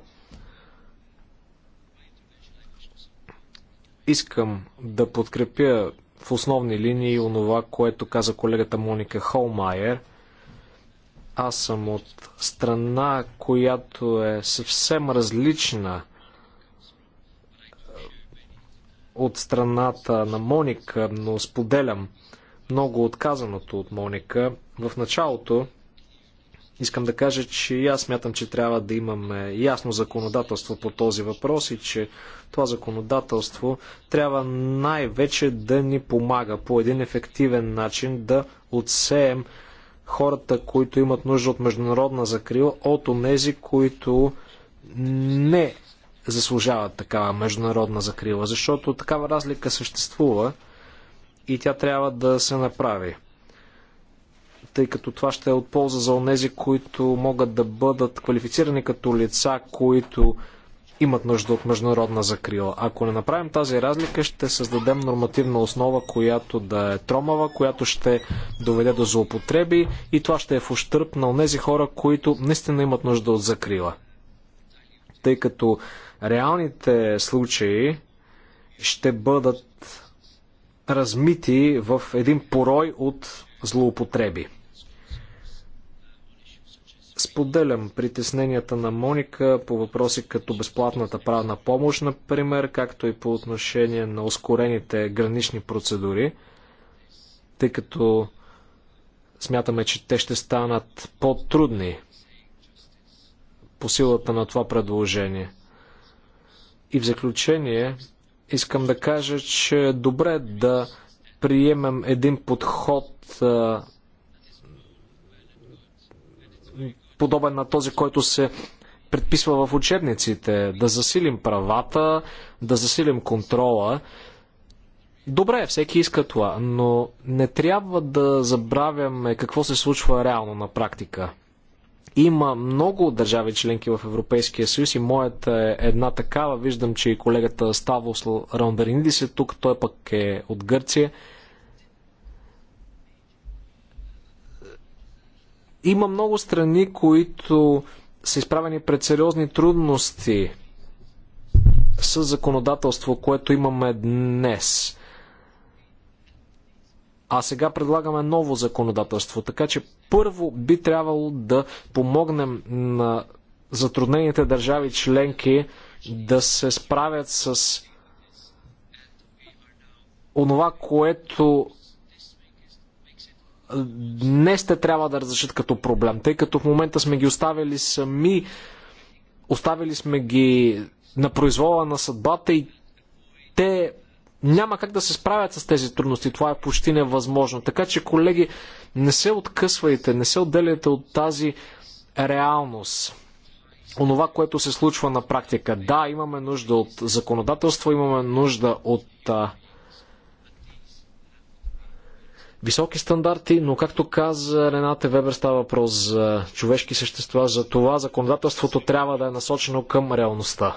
Искам да подкрепя в основни линии онова, което каза колегата Моника Холмайер. Аз съм от страна, която е съвсем различна – от страната на Моника, но споделям много отказаното от Моника. В началото искам да кажа, че и аз смятам, че трябва да имаме ясно законодателство по този въпрос и че това законодателство трябва най-вече да ни помага по един ефективен начин да отсеем хората, които имат нужда от международна закрила, от онези, които не заслужават такава международна закрила, защото такава разлика съществува и тя трябва да се направи. Тъй като това ще е от полза за онези, които могат да бъдат квалифицирани като лица, които имат нужда от международна закрила. Ако не направим тази разлика, ще създадем нормативна основа, която да е тромава, която ще доведе до злоупотреби и това ще е в ущърп на тези хора, които наистина имат нужда от закрила. Тъй като реалните случаи ще бъдат размити в един порой от злоупотреби. Споделям притесненията на Моника по въпроси като безплатната правна помощ, например, както и по отношение на ускорените гранични процедури, тъй като смятаме, че те ще станат по-трудни по силата на това предложение – и в заключение искам да кажа, че е добре да приемем един подход подобен на този, който се предписва в учебниците. Да засилим правата, да засилим контрола. Добре, всеки иска това, но не трябва да забравяме какво се случва реално на практика. Има много държави членки в Европейския съюз и моята е една такава. Виждам, че и колегата Ставос Раундаринидис е тук, той пък е от Гърция. Има много страни, които са изправени пред сериозни трудности с законодателство, което имаме днес а сега предлагаме ново законодателство. Така че първо би трябвало да помогнем на затруднените държави членки да се справят с онова, което днес те трябва да разрешат като проблем, тъй като в момента сме ги оставили сами, оставили сме ги на произвола на съдбата и те няма как да се справят с тези трудности. Това е почти невъзможно. Така че, колеги, не се откъсвайте, не се отделяйте от тази реалност. Онова, което се случва на практика. Да, имаме нужда от законодателство, имаме нужда от а, високи стандарти, но както каза Рената Вебер, става въпрос за човешки същества, за това законодателството трябва да е насочено към реалността.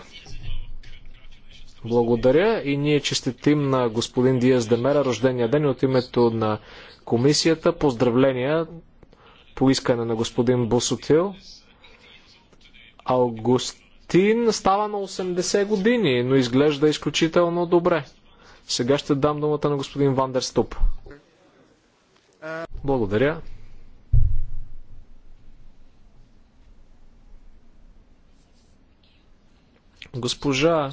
Благодаря и ние честитим на господин Диас Демера рождения ден от името на комисията. Поздравления по искане на господин Босотил. Августин става на 80 години, но изглежда изключително добре. Сега ще дам думата на господин Вандерстоп. Благодаря. Госпожа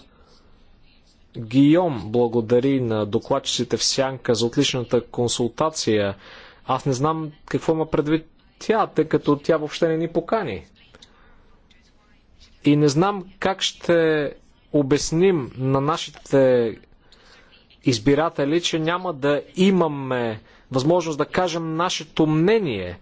Гийом благодари на докладчиците в Сянка за отличната консултация. Аз не знам какво има предвид тя, тъй като тя въобще не ни покани. И не знам как ще обясним на нашите избиратели, че няма да имаме възможност да кажем нашето мнение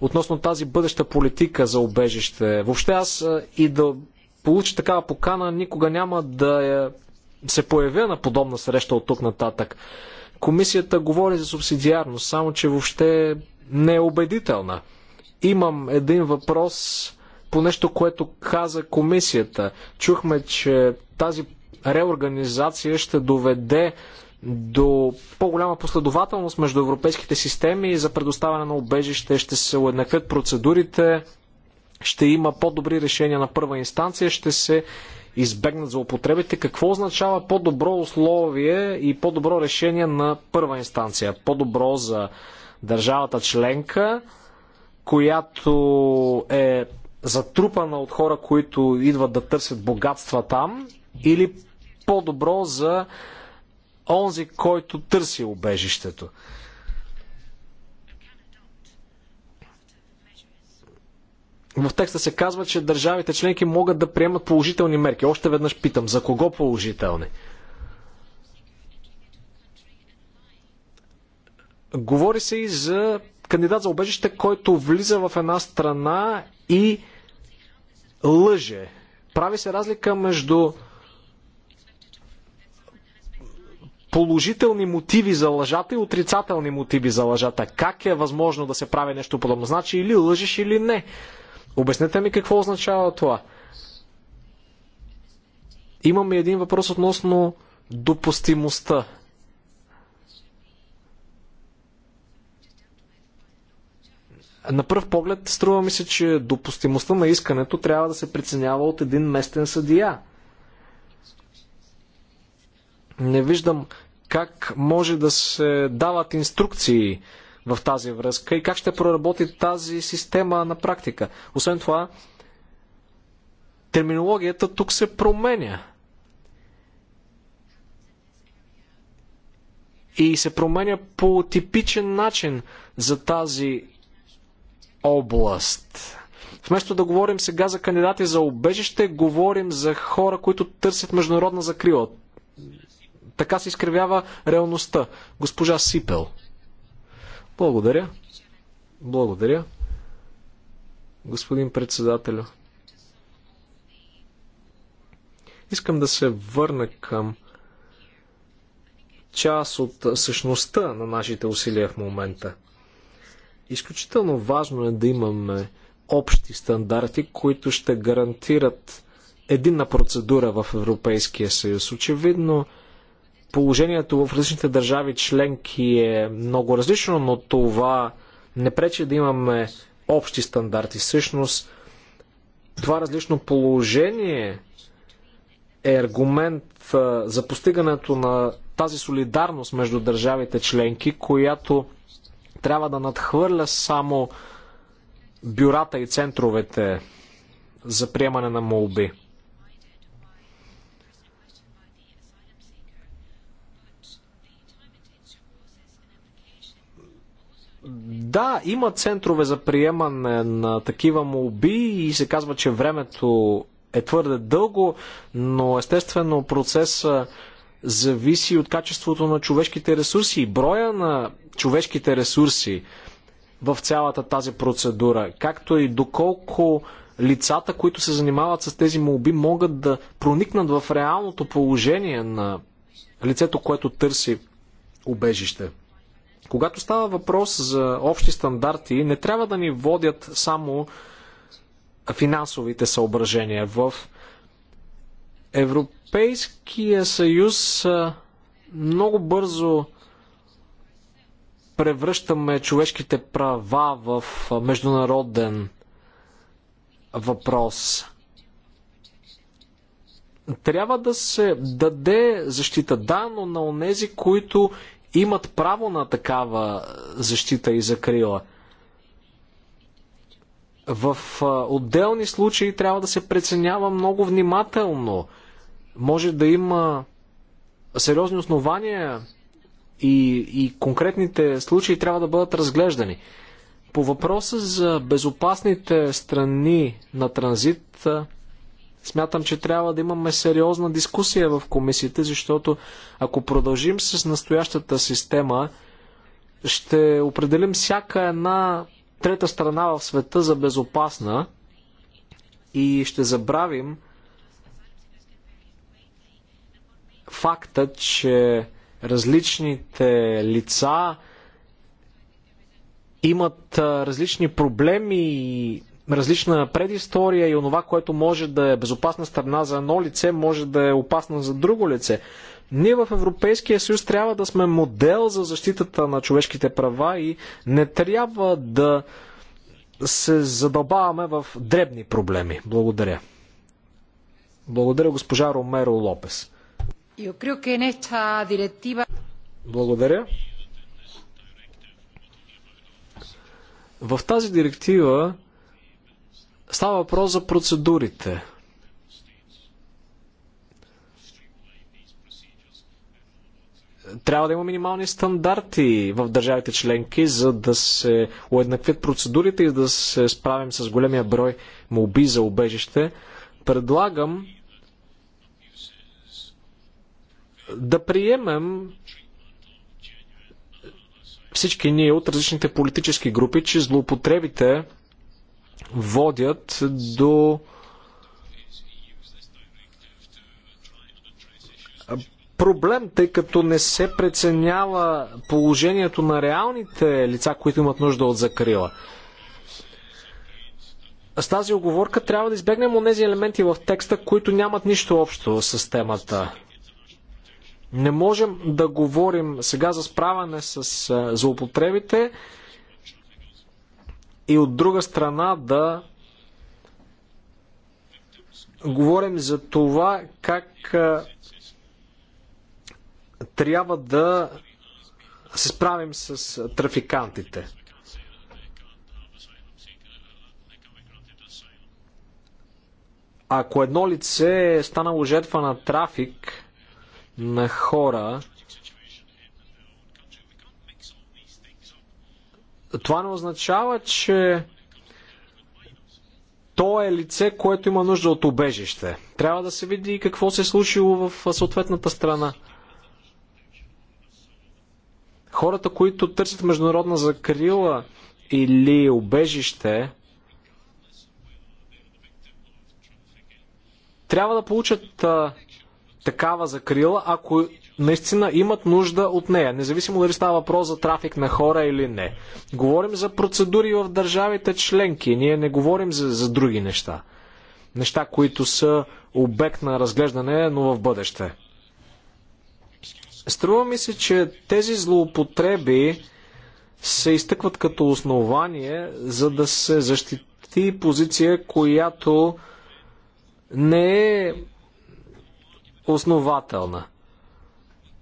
относно тази бъдеща политика за обежище. Въобще аз и да получа такава покана, никога няма да я се появя на подобна среща от тук нататък. Комисията говори за субсидиарност, само че въобще не е убедителна. Имам един въпрос по нещо, което каза комисията. Чухме, че тази реорганизация ще доведе до по-голяма последователност между европейските системи за предоставяне на обежище, ще се уеднаквят процедурите, ще има по-добри решения на първа инстанция, ще се избегнат злоупотребите, какво означава по-добро условие и по-добро решение на първа инстанция? По-добро за държавата членка, която е затрупана от хора, които идват да търсят богатства там, или по-добро за онзи, който търси убежището. В текста се казва, че държавите членки могат да приемат положителни мерки. Още веднъж питам, за кого положителни? Говори се и за кандидат за обежище, който влиза в една страна и лъже. Прави се разлика между положителни мотиви за лъжата и отрицателни мотиви за лъжата. Как е възможно да се прави нещо подобно? Значи или лъжеш, или не. Обяснете ми какво означава това. Имаме един въпрос относно допустимостта. На пръв поглед струва ми се, че допустимостта на искането трябва да се преценява от един местен съдия. Не виждам как може да се дават инструкции в тази връзка и как ще проработи тази система на практика. Освен това, терминологията тук се променя. И се променя по типичен начин за тази област. Вместо да говорим сега за кандидати за обежище, говорим за хора, които търсят международна закрила. Така се изкривява реалността. Госпожа Сипел. Благодаря. Благодаря. Господин председателю. Искам да се върна към част от същността на нашите усилия в момента. Изключително важно е да имаме общи стандарти, които ще гарантират единна процедура в Европейския съюз. Очевидно, Положението в различните държави членки е много различно, но това не пречи да имаме общи стандарти. Всъщност, това различно положение е аргумент за постигането на тази солидарност между държавите членки, която трябва да надхвърля само бюрата и центровете за приемане на молби. Да, има центрове за приемане на такива молби и се казва, че времето е твърде дълго, но естествено процесът зависи от качеството на човешките ресурси и броя на човешките ресурси в цялата тази процедура, както и доколко лицата, които се занимават с тези молби, могат да проникнат в реалното положение на лицето, което търси убежище. Когато става въпрос за общи стандарти, не трябва да ни водят само финансовите съображения. В Европейския съюз много бързо превръщаме човешките права в международен въпрос. Трябва да се даде защита, да, но на онези, които имат право на такава защита и закрила. В отделни случаи трябва да се преценява много внимателно. Може да има сериозни основания и, и конкретните случаи трябва да бъдат разглеждани. По въпроса за безопасните страни на транзит, Смятам, че трябва да имаме сериозна дискусия в комисиите, защото ако продължим с настоящата система, ще определим всяка една трета страна в света за безопасна и ще забравим факта, че различните лица имат различни проблеми и различна предистория и онова, което може да е безопасна страна за едно лице, може да е опасно за друго лице. Ние в Европейския съюз трябва да сме модел за защитата на човешките права и не трябва да се задълбаваме в дребни проблеми. Благодаря. Благодаря госпожа Ромеро Лопес. Благодаря. В тази директива Става въпрос за процедурите. Трябва да има минимални стандарти в държавите членки, за да се уеднаквят процедурите и да се справим с големия брой молби за убежище. Предлагам да приемем всички ние от различните политически групи, че злоупотребите водят до проблем, тъй като не се преценява положението на реалните лица, които имат нужда от закрила. С тази оговорка трябва да избегнем тези елементи в текста, които нямат нищо общо с темата. Не можем да говорим сега за справяне с злоупотребите, и от друга страна да говорим за това как трябва да се справим с трафикантите. Ако едно лице е станало жертва на трафик на хора, това не означава, че то е лице, което има нужда от убежище. Трябва да се види какво се е случило в съответната страна. Хората, които търсят международна закрила или убежище, трябва да получат а, такава закрила, ако наистина имат нужда от нея, независимо дали става въпрос за трафик на хора или не. Говорим за процедури в държавите членки, ние не говорим за, за други неща. Неща, които са обект на разглеждане, но в бъдеще. Струва ми се, че тези злоупотреби се изтъкват като основание, за да се защити позиция, която не е основателна.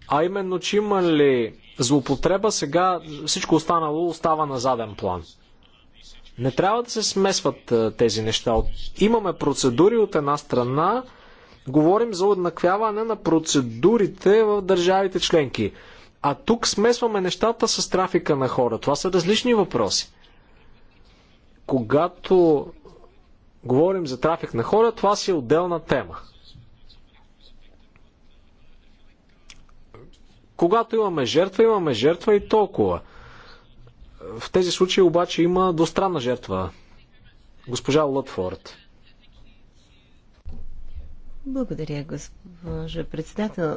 А именно, че има ли злоупотреба, сега всичко останало остава на заден план. Не трябва да се смесват е, тези неща. Имаме процедури от една страна, говорим за уеднаквяване на процедурите в държавите членки. А тук смесваме нещата с трафика на хора. Това са различни въпроси. Когато говорим за трафик на хора, това си е отделна тема. Когато имаме жертва, имаме жертва и толкова. В тези случаи обаче има достранна жертва. Госпожа Лътфорд. Благодаря, госпожа председател.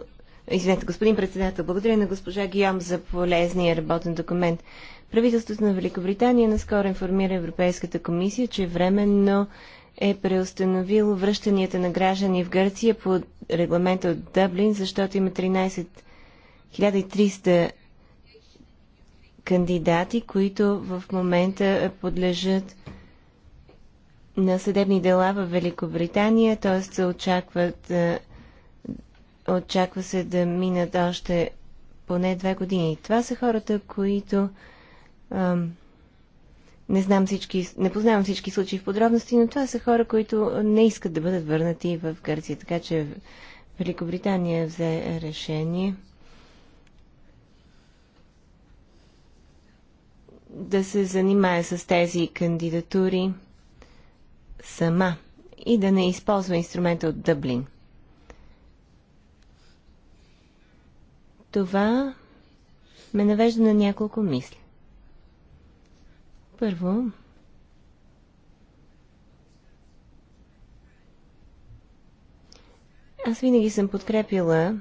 Извинете, господин председател, благодаря на госпожа Гиом за полезния работен документ. Правителството на Великобритания наскоро информира Европейската комисия, че временно е преустановило връщанията на граждани в Гърция по регламента от Дъблин, защото има 13 1300 кандидати, които в момента подлежат на съдебни дела в Великобритания, т.е. се очакват е, очаква се да минат още поне две години. Това са хората, които ам, не знам всички, не познавам всички случаи в подробности, но това са хора, които не искат да бъдат върнати в Гърция. Така че Великобритания взе решение да се занимае с тези кандидатури сама и да не използва инструмента от Дъблин. Това ме навежда на няколко мисли. Първо, аз винаги съм подкрепила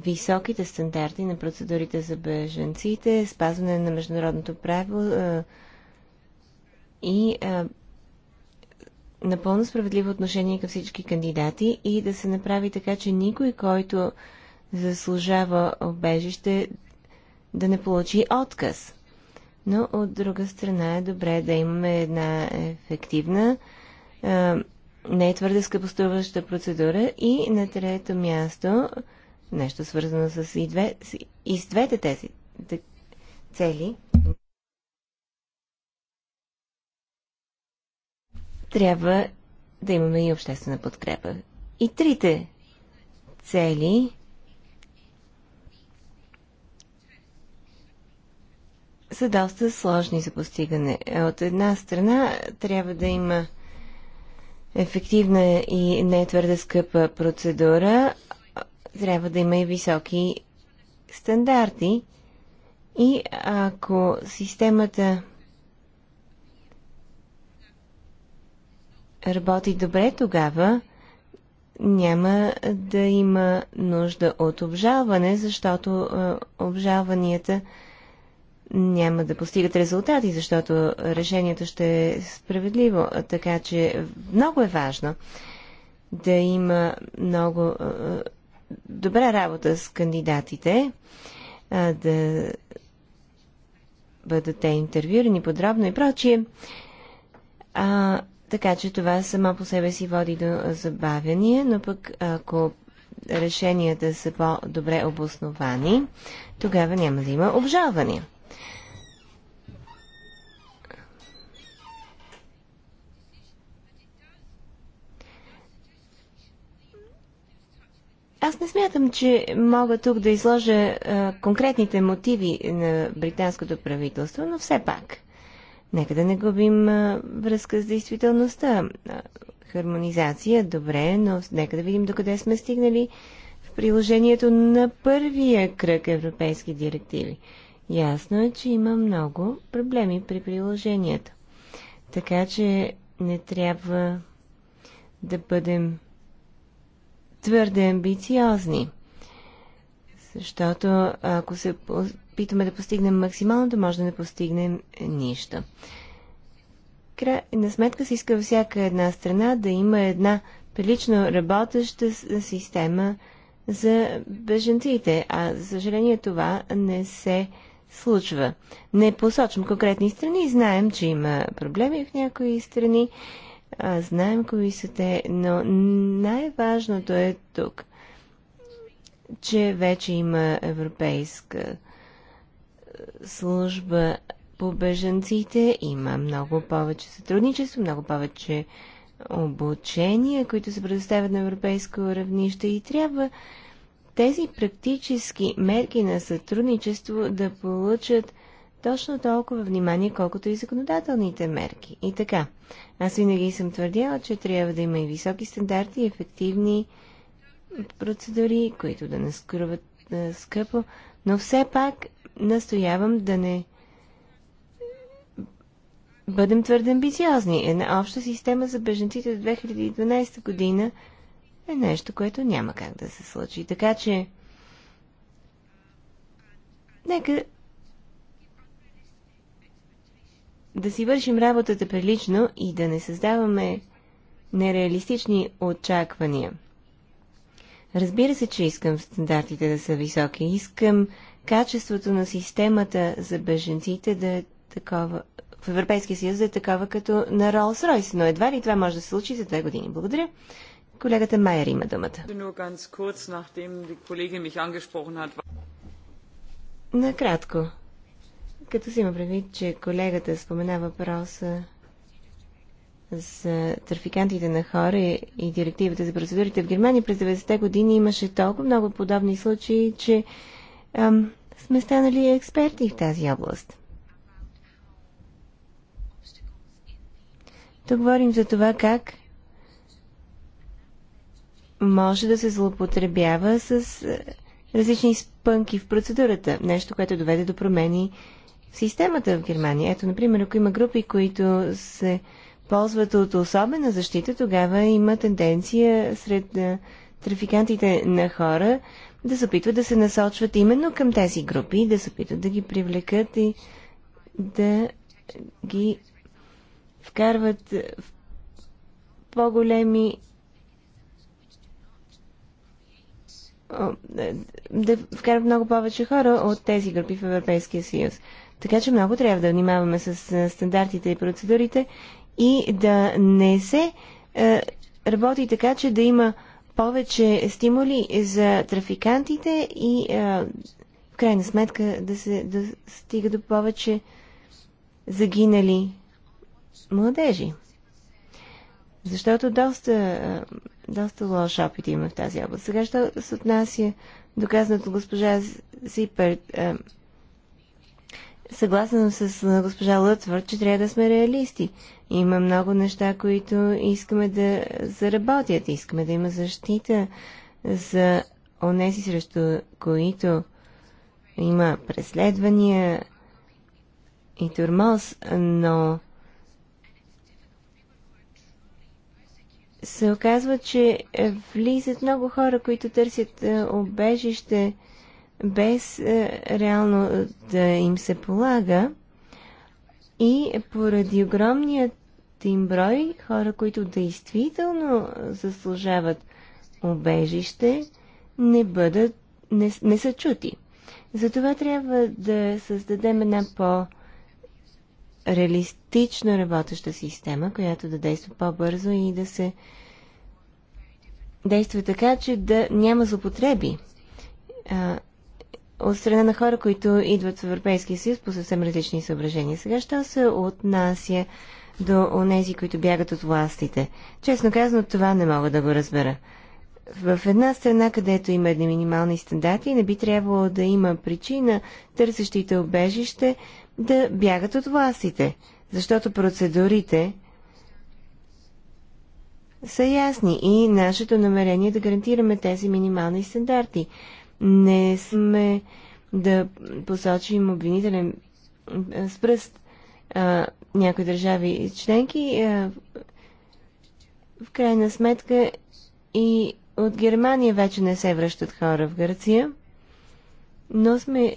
високите стандарти на процедурите за беженците, спазване на международното право и напълно справедливо отношение към всички кандидати и да се направи така, че никой, който заслужава обежище, да не получи отказ. Но от друга страна е добре да имаме една ефективна, не е твърде скъпоструваща процедура и на трето място – нещо свързано с и, две, и с двете тези цели. Трябва да имаме и обществена подкрепа. И трите цели са доста сложни за постигане. От една страна трябва да има ефективна и не твърде скъпа процедура, трябва да има и високи стандарти. И ако системата работи добре, тогава няма да има нужда от обжалване, защото обжалванията няма да постигат резултати, защото решението ще е справедливо. Така че много е важно да има много добра работа с кандидатите, а, да бъдат те интервюирани подробно и прочие. А, така че това само по себе си води до забавяния, но пък ако решенията са по-добре обосновани, тогава няма да има обжалвания. Аз не смятам, че мога тук да изложа а, конкретните мотиви на британското правителство, но все пак. Нека да не губим а, връзка с действителността. А, хармонизация, добре, но нека да видим докъде сме стигнали в приложението на първия кръг европейски директиви. Ясно е, че има много проблеми при приложението. Така че не трябва да бъдем твърде амбициозни. Защото ако се питаме да постигнем максималното, може да не постигнем нищо. На сметка се иска всяка една страна да има една прилично работеща система за беженците, а за съжаление това не се случва. Не посочвам конкретни страни, знаем, че има проблеми в някои страни а, знаем кои са те, но най-важното е тук, че вече има европейска служба по бежанците, има много повече сътрудничество, много повече обучения, които се предоставят на европейско равнище и трябва тези практически мерки на сътрудничество да получат точно толкова внимание, колкото и законодателните мерки. И така, аз винаги съм твърдяла, че трябва да има и високи стандарти, и ефективни процедури, които да не скруват да е, скъпо, но все пак настоявам да не бъдем твърде амбициозни. Една обща система за беженците от 2012 година е нещо, което няма как да се случи. Така че, нека да си вършим работата прилично и да не създаваме нереалистични очаквания. Разбира се, че искам стандартите да са високи. Искам качеството на системата за беженците да е такова, в Европейския съюз да е такова като на Ролс-Ройс, но едва ли това може да се случи за две години. Благодаря. Колегата Майер има думата. Накратко. Като си има предвид, че колегата спомена въпроса за трафикантите на хора и директивата за процедурите в Германия през 90-те години имаше толкова много подобни случаи, че ам, сме станали експерти в тази област. Тук говорим за това как може да се злоупотребява с различни спънки в процедурата. Нещо, което доведе до промени в системата в Германия. Ето, например, ако има групи, които се ползват от особена защита, тогава има тенденция сред трафикантите на хора да се опитват да се насочват именно към тези групи, да се опитват да ги привлекат и да ги вкарват в по-големи да вкарат много повече хора от тези групи в Европейския съюз. Така че много трябва да внимаваме с стандартите и процедурите и да не се е, работи така, че да има повече стимули за трафикантите и е, в крайна сметка да се да стига до повече загинали младежи. Защото доста, е, доста лош опит има в тази област. Сега, що се отнася доказаното госпожа Зипер, е, Съгласна с госпожа Лътвър, че трябва да сме реалисти. Има много неща, които искаме да заработят. Искаме да има защита за онези, срещу които има преследвания и турмоз, но се оказва, че влизат много хора, които търсят е, обежище без е, реално е, да им се полага. И поради огромният им брой хора, които действително заслужават обежище, не, бъдат, не, не са чути. Затова трябва да създадем една по- реалистично работеща система, която да действа по-бързо и да се действа така, че да няма злопотреби от страна на хора, които идват в Европейския съюз по съвсем различни съображения. Сега, що се отнася до онези, които бягат от властите? Честно казано, това не мога да го разбера. В една страна, където има едни минимални стандарти, не би трябвало да има причина търсещите обежище да бягат от властите, защото процедурите са ясни и нашето намерение е да гарантираме тези минимални стандарти. Не сме да посочим обвинителен с пръст а, някои държави членки. А, в крайна сметка и от Германия вече не се връщат хора в Гърция, но сме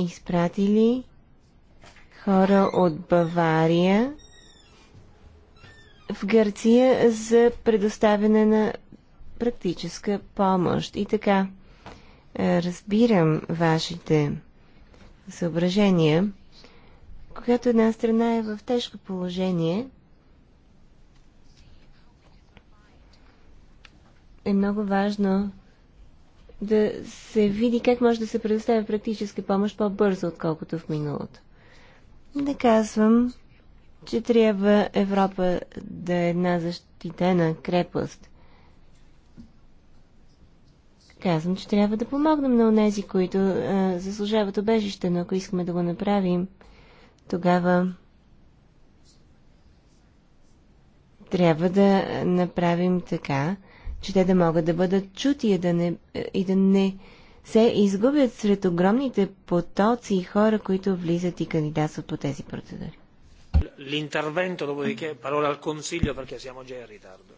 изпратили хора от Бавария в Гърция за предоставяне на практическа помощ. И така, е, разбирам вашите съображения. Когато една страна е в тежко положение, е много важно да се види как може да се предоставя практическа помощ по-бързо, отколкото в миналото. Да казвам, че трябва Европа да е една защитена крепост – Казвам, че трябва да помогнем на онези, които а, е, заслужават обежище, но ако искаме да го направим, тогава трябва да направим така, че те да могат да бъдат чути и да не, е, и да не се изгубят сред огромните потоци и хора, които влизат и кандидатстват по тези процедури. L'intervento, dopodiché parola al Consiglio perché siamo già in ritardo.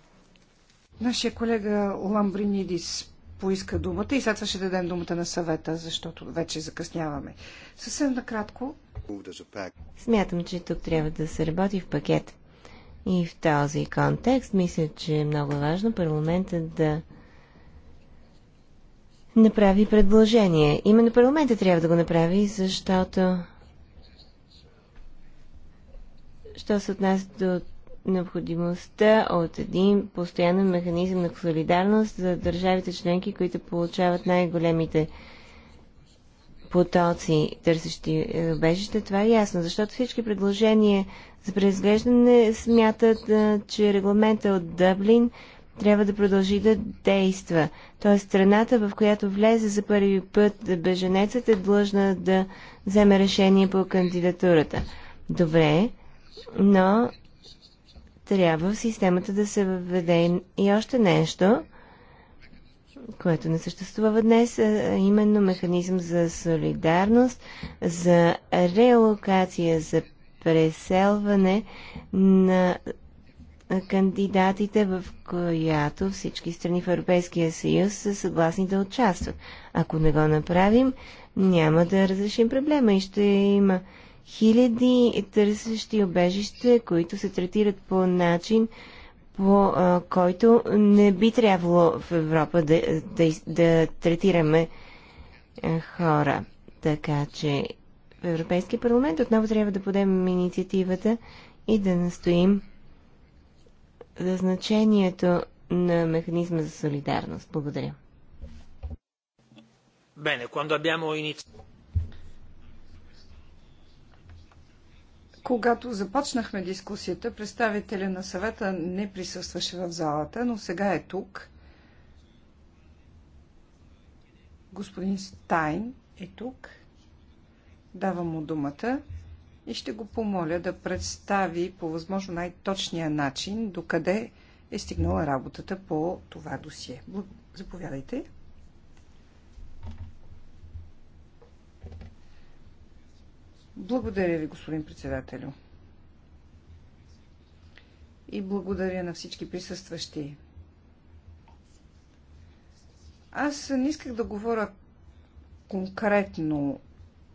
Нашия колега Ламбринидис поиска думата и след това ще дадем думата на съвета, защото вече закъсняваме. Съвсем накратко. Смятам, че тук трябва да се работи в пакет. И в този контекст мисля, че е много важно парламентът да направи предложение. Именно парламентът трябва да го направи, защото що се отнася до необходимостта от един постоянен механизъм на солидарност за държавите членки, които получават най-големите потоци, търсещи е, убежище. Това е ясно, защото всички предложения за преизглеждане смятат, е, че регламента от Дъблин трябва да продължи да действа. Тоест страната, в която влезе за първи път беженецът е длъжна да вземе решение по кандидатурата. Добре, но трябва в системата да се въведе и още нещо, което не съществува днес, а именно механизъм за солидарност, за реалокация, за преселване на кандидатите, в която всички страни в Европейския съюз са съгласни да участват. Ако не го направим, няма да разрешим проблема и ще има хиляди търсещи обежище, които се третират по начин, по а, който не би трябвало в Европа да, да, да третираме а, хора. Така че в Европейския парламент отново трябва да подемем инициативата и да настоим за значението на механизма за солидарност. Благодаря. Bene, quando abbiamo iniziato... Когато започнахме дискусията, представителя на съвета не присъстваше в залата, но сега е тук. Господин Стайн е тук. Давам му думата и ще го помоля да представи по възможно най-точния начин докъде е стигнала работата по това досие. Заповядайте. Благодаря ви, господин председателю. И благодаря на всички присъстващи. Аз не исках да говоря конкретно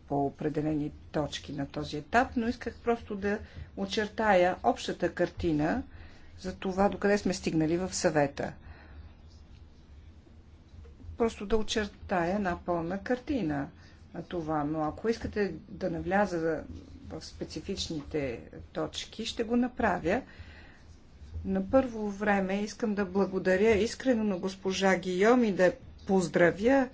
по определени точки на този етап, но исках просто да очертая общата картина за това, докъде сме стигнали в съвета. Просто да очертая една пълна картина това. Но ако искате да навляза в специфичните точки, ще го направя. На първо време искам да благодаря искрено на госпожа Гийом и да поздравя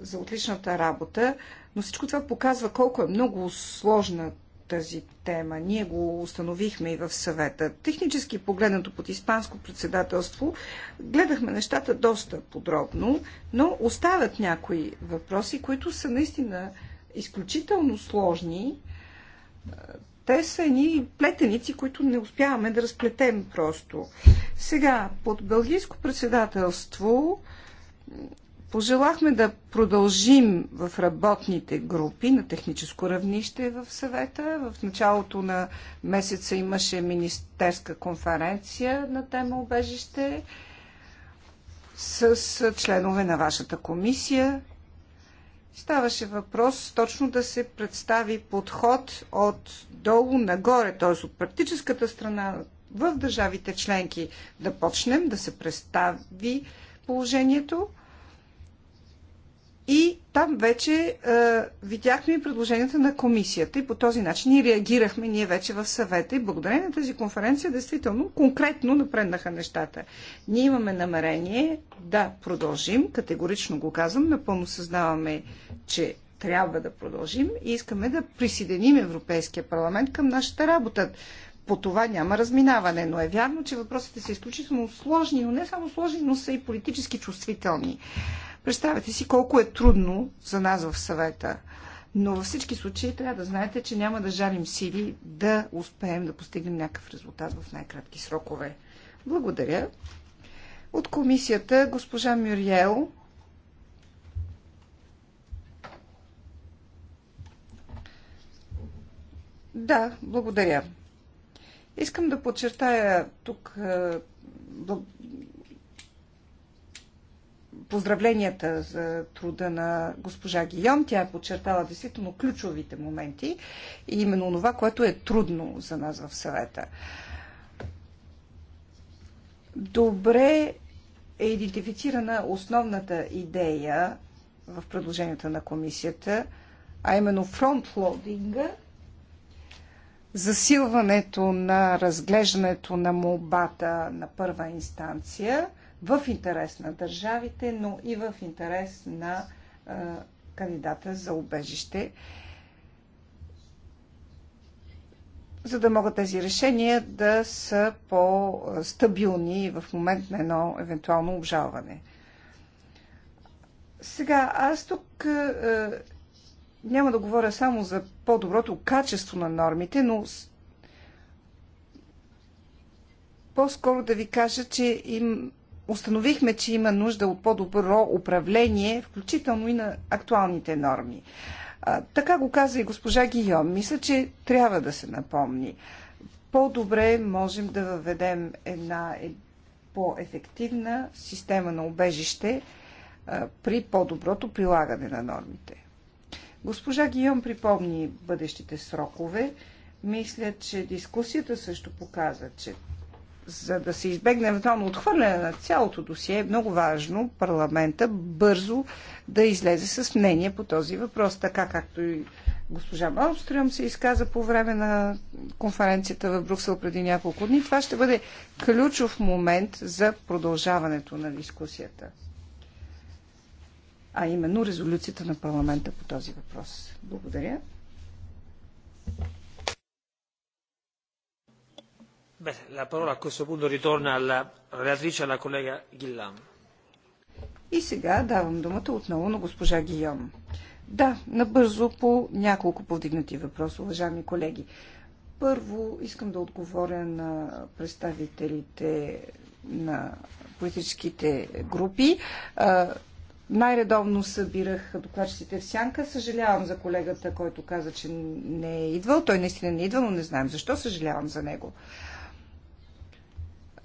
за отличната работа, но всичко това показва колко е много сложна тази тема. Ние го установихме и в съвета. Технически погледнато под испанско председателство, гледахме нещата доста подробно, но остават някои въпроси, които са наистина изключително сложни. Те са едни плетеници, които не успяваме да разплетем просто. Сега, под бългийско председателство Пожелахме да продължим в работните групи на техническо равнище в съвета. В началото на месеца имаше министерска конференция на тема обежище с членове на вашата комисия. Ставаше въпрос точно да се представи подход от долу нагоре, т.е. от практическата страна в държавите членки да почнем да се представи положението и там вече е, видяхме и предложенията на комисията и по този начин ни реагирахме ние вече в съвета и благодарение на тази конференция действително конкретно напреднаха нещата. Ние имаме намерение да продължим, категорично го казвам, напълно съзнаваме, че трябва да продължим и искаме да присъединим Европейския парламент към нашата работа. По това няма разминаване, но е вярно, че въпросите са изключително сложни, но не само сложни, но са и политически чувствителни. Представете си колко е трудно за нас в съвета. Но във всички случаи трябва да знаете, че няма да жалим сили да успеем да постигнем някакъв резултат в най-кратки срокове. Благодаря. От комисията госпожа Мюриел. Да, благодаря. Искам да подчертая тук е, поздравленията за труда на госпожа Гион. Тя е подчертала действително ключовите моменти и именно това, което е трудно за нас в съвета. Добре е идентифицирана основната идея в предложенията на комисията, а именно фронтлодинга, засилването на разглеждането на молбата на първа инстанция – в интерес на държавите, но и в интерес на а, кандидата за убежище, за да могат тези решения да са по-стабилни в момент на едно евентуално обжалване. Сега, аз тук а, няма да говоря само за по-доброто качество на нормите, но по-скоро да ви кажа, че им установихме, че има нужда от по-добро управление, включително и на актуалните норми. А, така го каза и госпожа Гийом. Мисля, че трябва да се напомни. По-добре можем да въведем една е, по-ефективна система на убежище а, при по-доброто прилагане на нормите. Госпожа Гийом припомни бъдещите срокове. Мисля, че дискусията също показа, че за да се избегне евентуално отхвърляне на цялото досие, е много важно парламента бързо да излезе с мнение по този въпрос, така както и госпожа Малстрюм се изказа по време на конференцията в Брюксел преди няколко дни. Това ще бъде ключов момент за продължаването на дискусията. А именно резолюцията на парламента по този въпрос. Благодаря. И сега давам думата отново на госпожа Гийом. Да, набързо по няколко повдигнати въпроса, уважаеми колеги. Първо искам да отговоря на представителите на политическите групи. Най-редовно събирах докладчиците в сянка. Съжалявам за колегата, който каза, че не е идвал. Той наистина не е идвал, но не знаем защо. Съжалявам за него. А,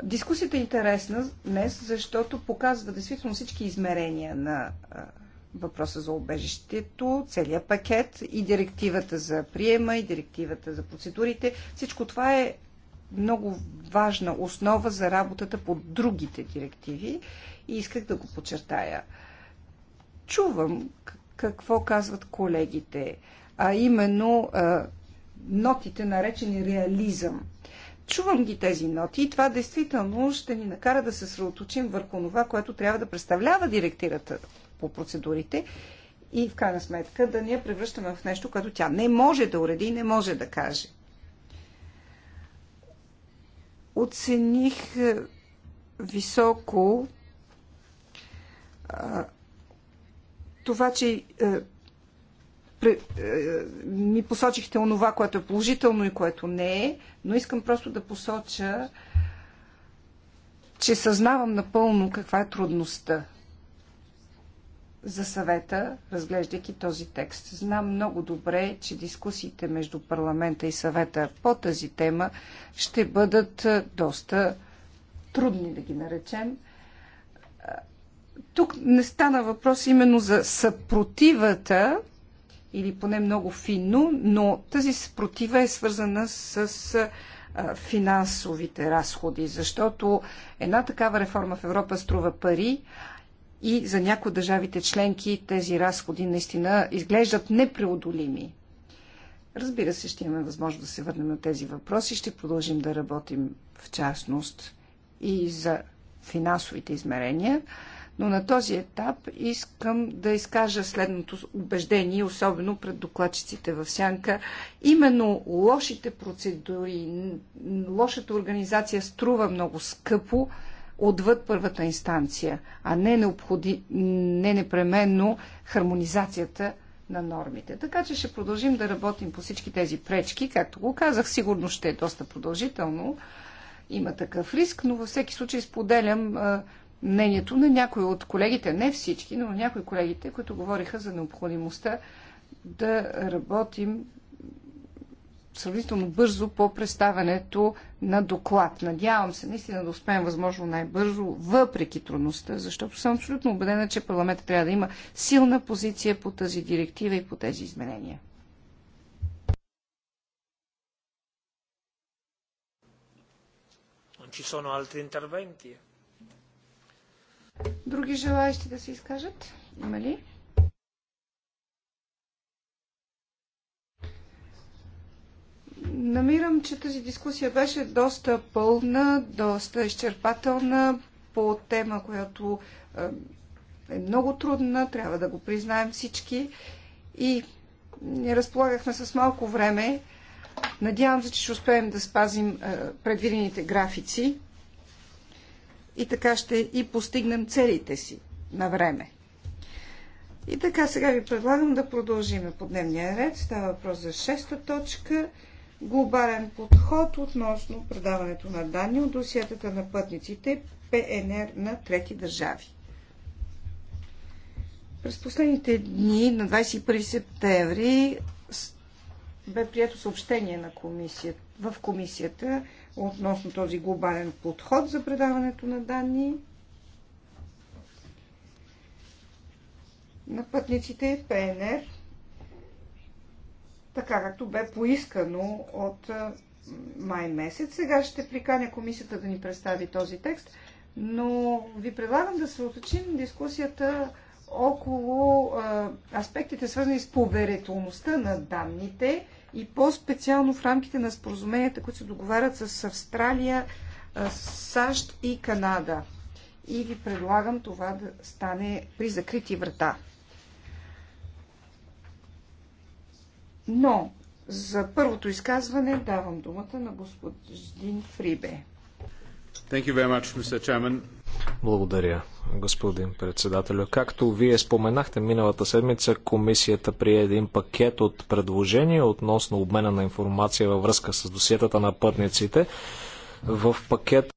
Дискусията е интересна днес, защото показва действително всички измерения на въпроса за обежището, целият пакет и директивата за приема, и директивата за процедурите. Всичко това е много важна основа за работата по другите директиви и исках да го подчертая. Чувам какво казват колегите, а именно а, нотите наречени реализъм – Чувам ги тези ноти и това действително ще ни накара да се съсредоточим върху това, което трябва да представлява директирата по процедурите и в крайна сметка да ни я превръщаме в нещо, което тя не може да уреди и не може да каже. Оцених е, високо това, че е, е, ми посочихте онова, което е положително и което не е, но искам просто да посоча, че съзнавам напълно каква е трудността за съвета, разглеждайки този текст. Знам много добре, че дискусиите между парламента и съвета по тази тема ще бъдат е, доста трудни, да ги наречем. Е, тук не стана въпрос именно за съпротивата или поне много финно, но тази съпротива е свързана с финансовите разходи, защото една такава реформа в Европа струва пари и за някои държавите членки тези разходи наистина изглеждат непреодолими. Разбира се, ще имаме възможност да се върнем на тези въпроси. Ще продължим да работим в частност и за финансовите измерения. Но на този етап искам да изкажа следното убеждение, особено пред докладчиците в Сянка. Именно лошите процедури, лошата организация струва много скъпо отвъд първата инстанция, а не, необходи, не непременно хармонизацията на нормите. Така че ще продължим да работим по всички тези пречки. Както го казах, сигурно ще е доста продължително. Има такъв риск, но във всеки случай споделям мнението на някои от колегите, не всички, но някои колегите, които говориха за необходимостта да работим сравнително бързо по представането на доклад. Надявам се наистина да успеем възможно най-бързо, въпреки трудността, защото съм абсолютно убедена, че парламентът трябва да има силна позиция по тази директива и по тези изменения. ci sono altri interventi? Други желаящи да се изкажат? Има ли? Намирам, че тази дискусия беше доста пълна, доста изчерпателна по тема, която е, е много трудна, трябва да го признаем всички. И не разполагахме с малко време. Надявам се, че ще успеем да спазим е, предвидените графици и така ще и постигнем целите си на време. И така, сега ви предлагам да продължим по дневния ред. Става въпрос за шеста точка. Глобален подход относно предаването на данни от досиетата на пътниците ПНР на трети държави. През последните дни, на 21 септември, бе прието съобщение на комисията, в комисията относно този глобален подход за предаването на данни на пътниците в ПНР, така както бе поискано от май месец. Сега ще приканя комисията да ни представи този текст, но ви предлагам да се оточим дискусията около аспектите, свързани с поверителността на данните и по-специално в рамките на споразуменията, които се договарят с Австралия, САЩ и Канада. И ви предлагам това да стане при закрити врата. Но за първото изказване давам думата на господин Фрибе. Thank you very much, Mr. Chairman. Благодаря, господин председател. Както вие споменахте, миналата седмица комисията прие един пакет от предложения относно обмена на информация във връзка с досиетата на пътниците. В пакет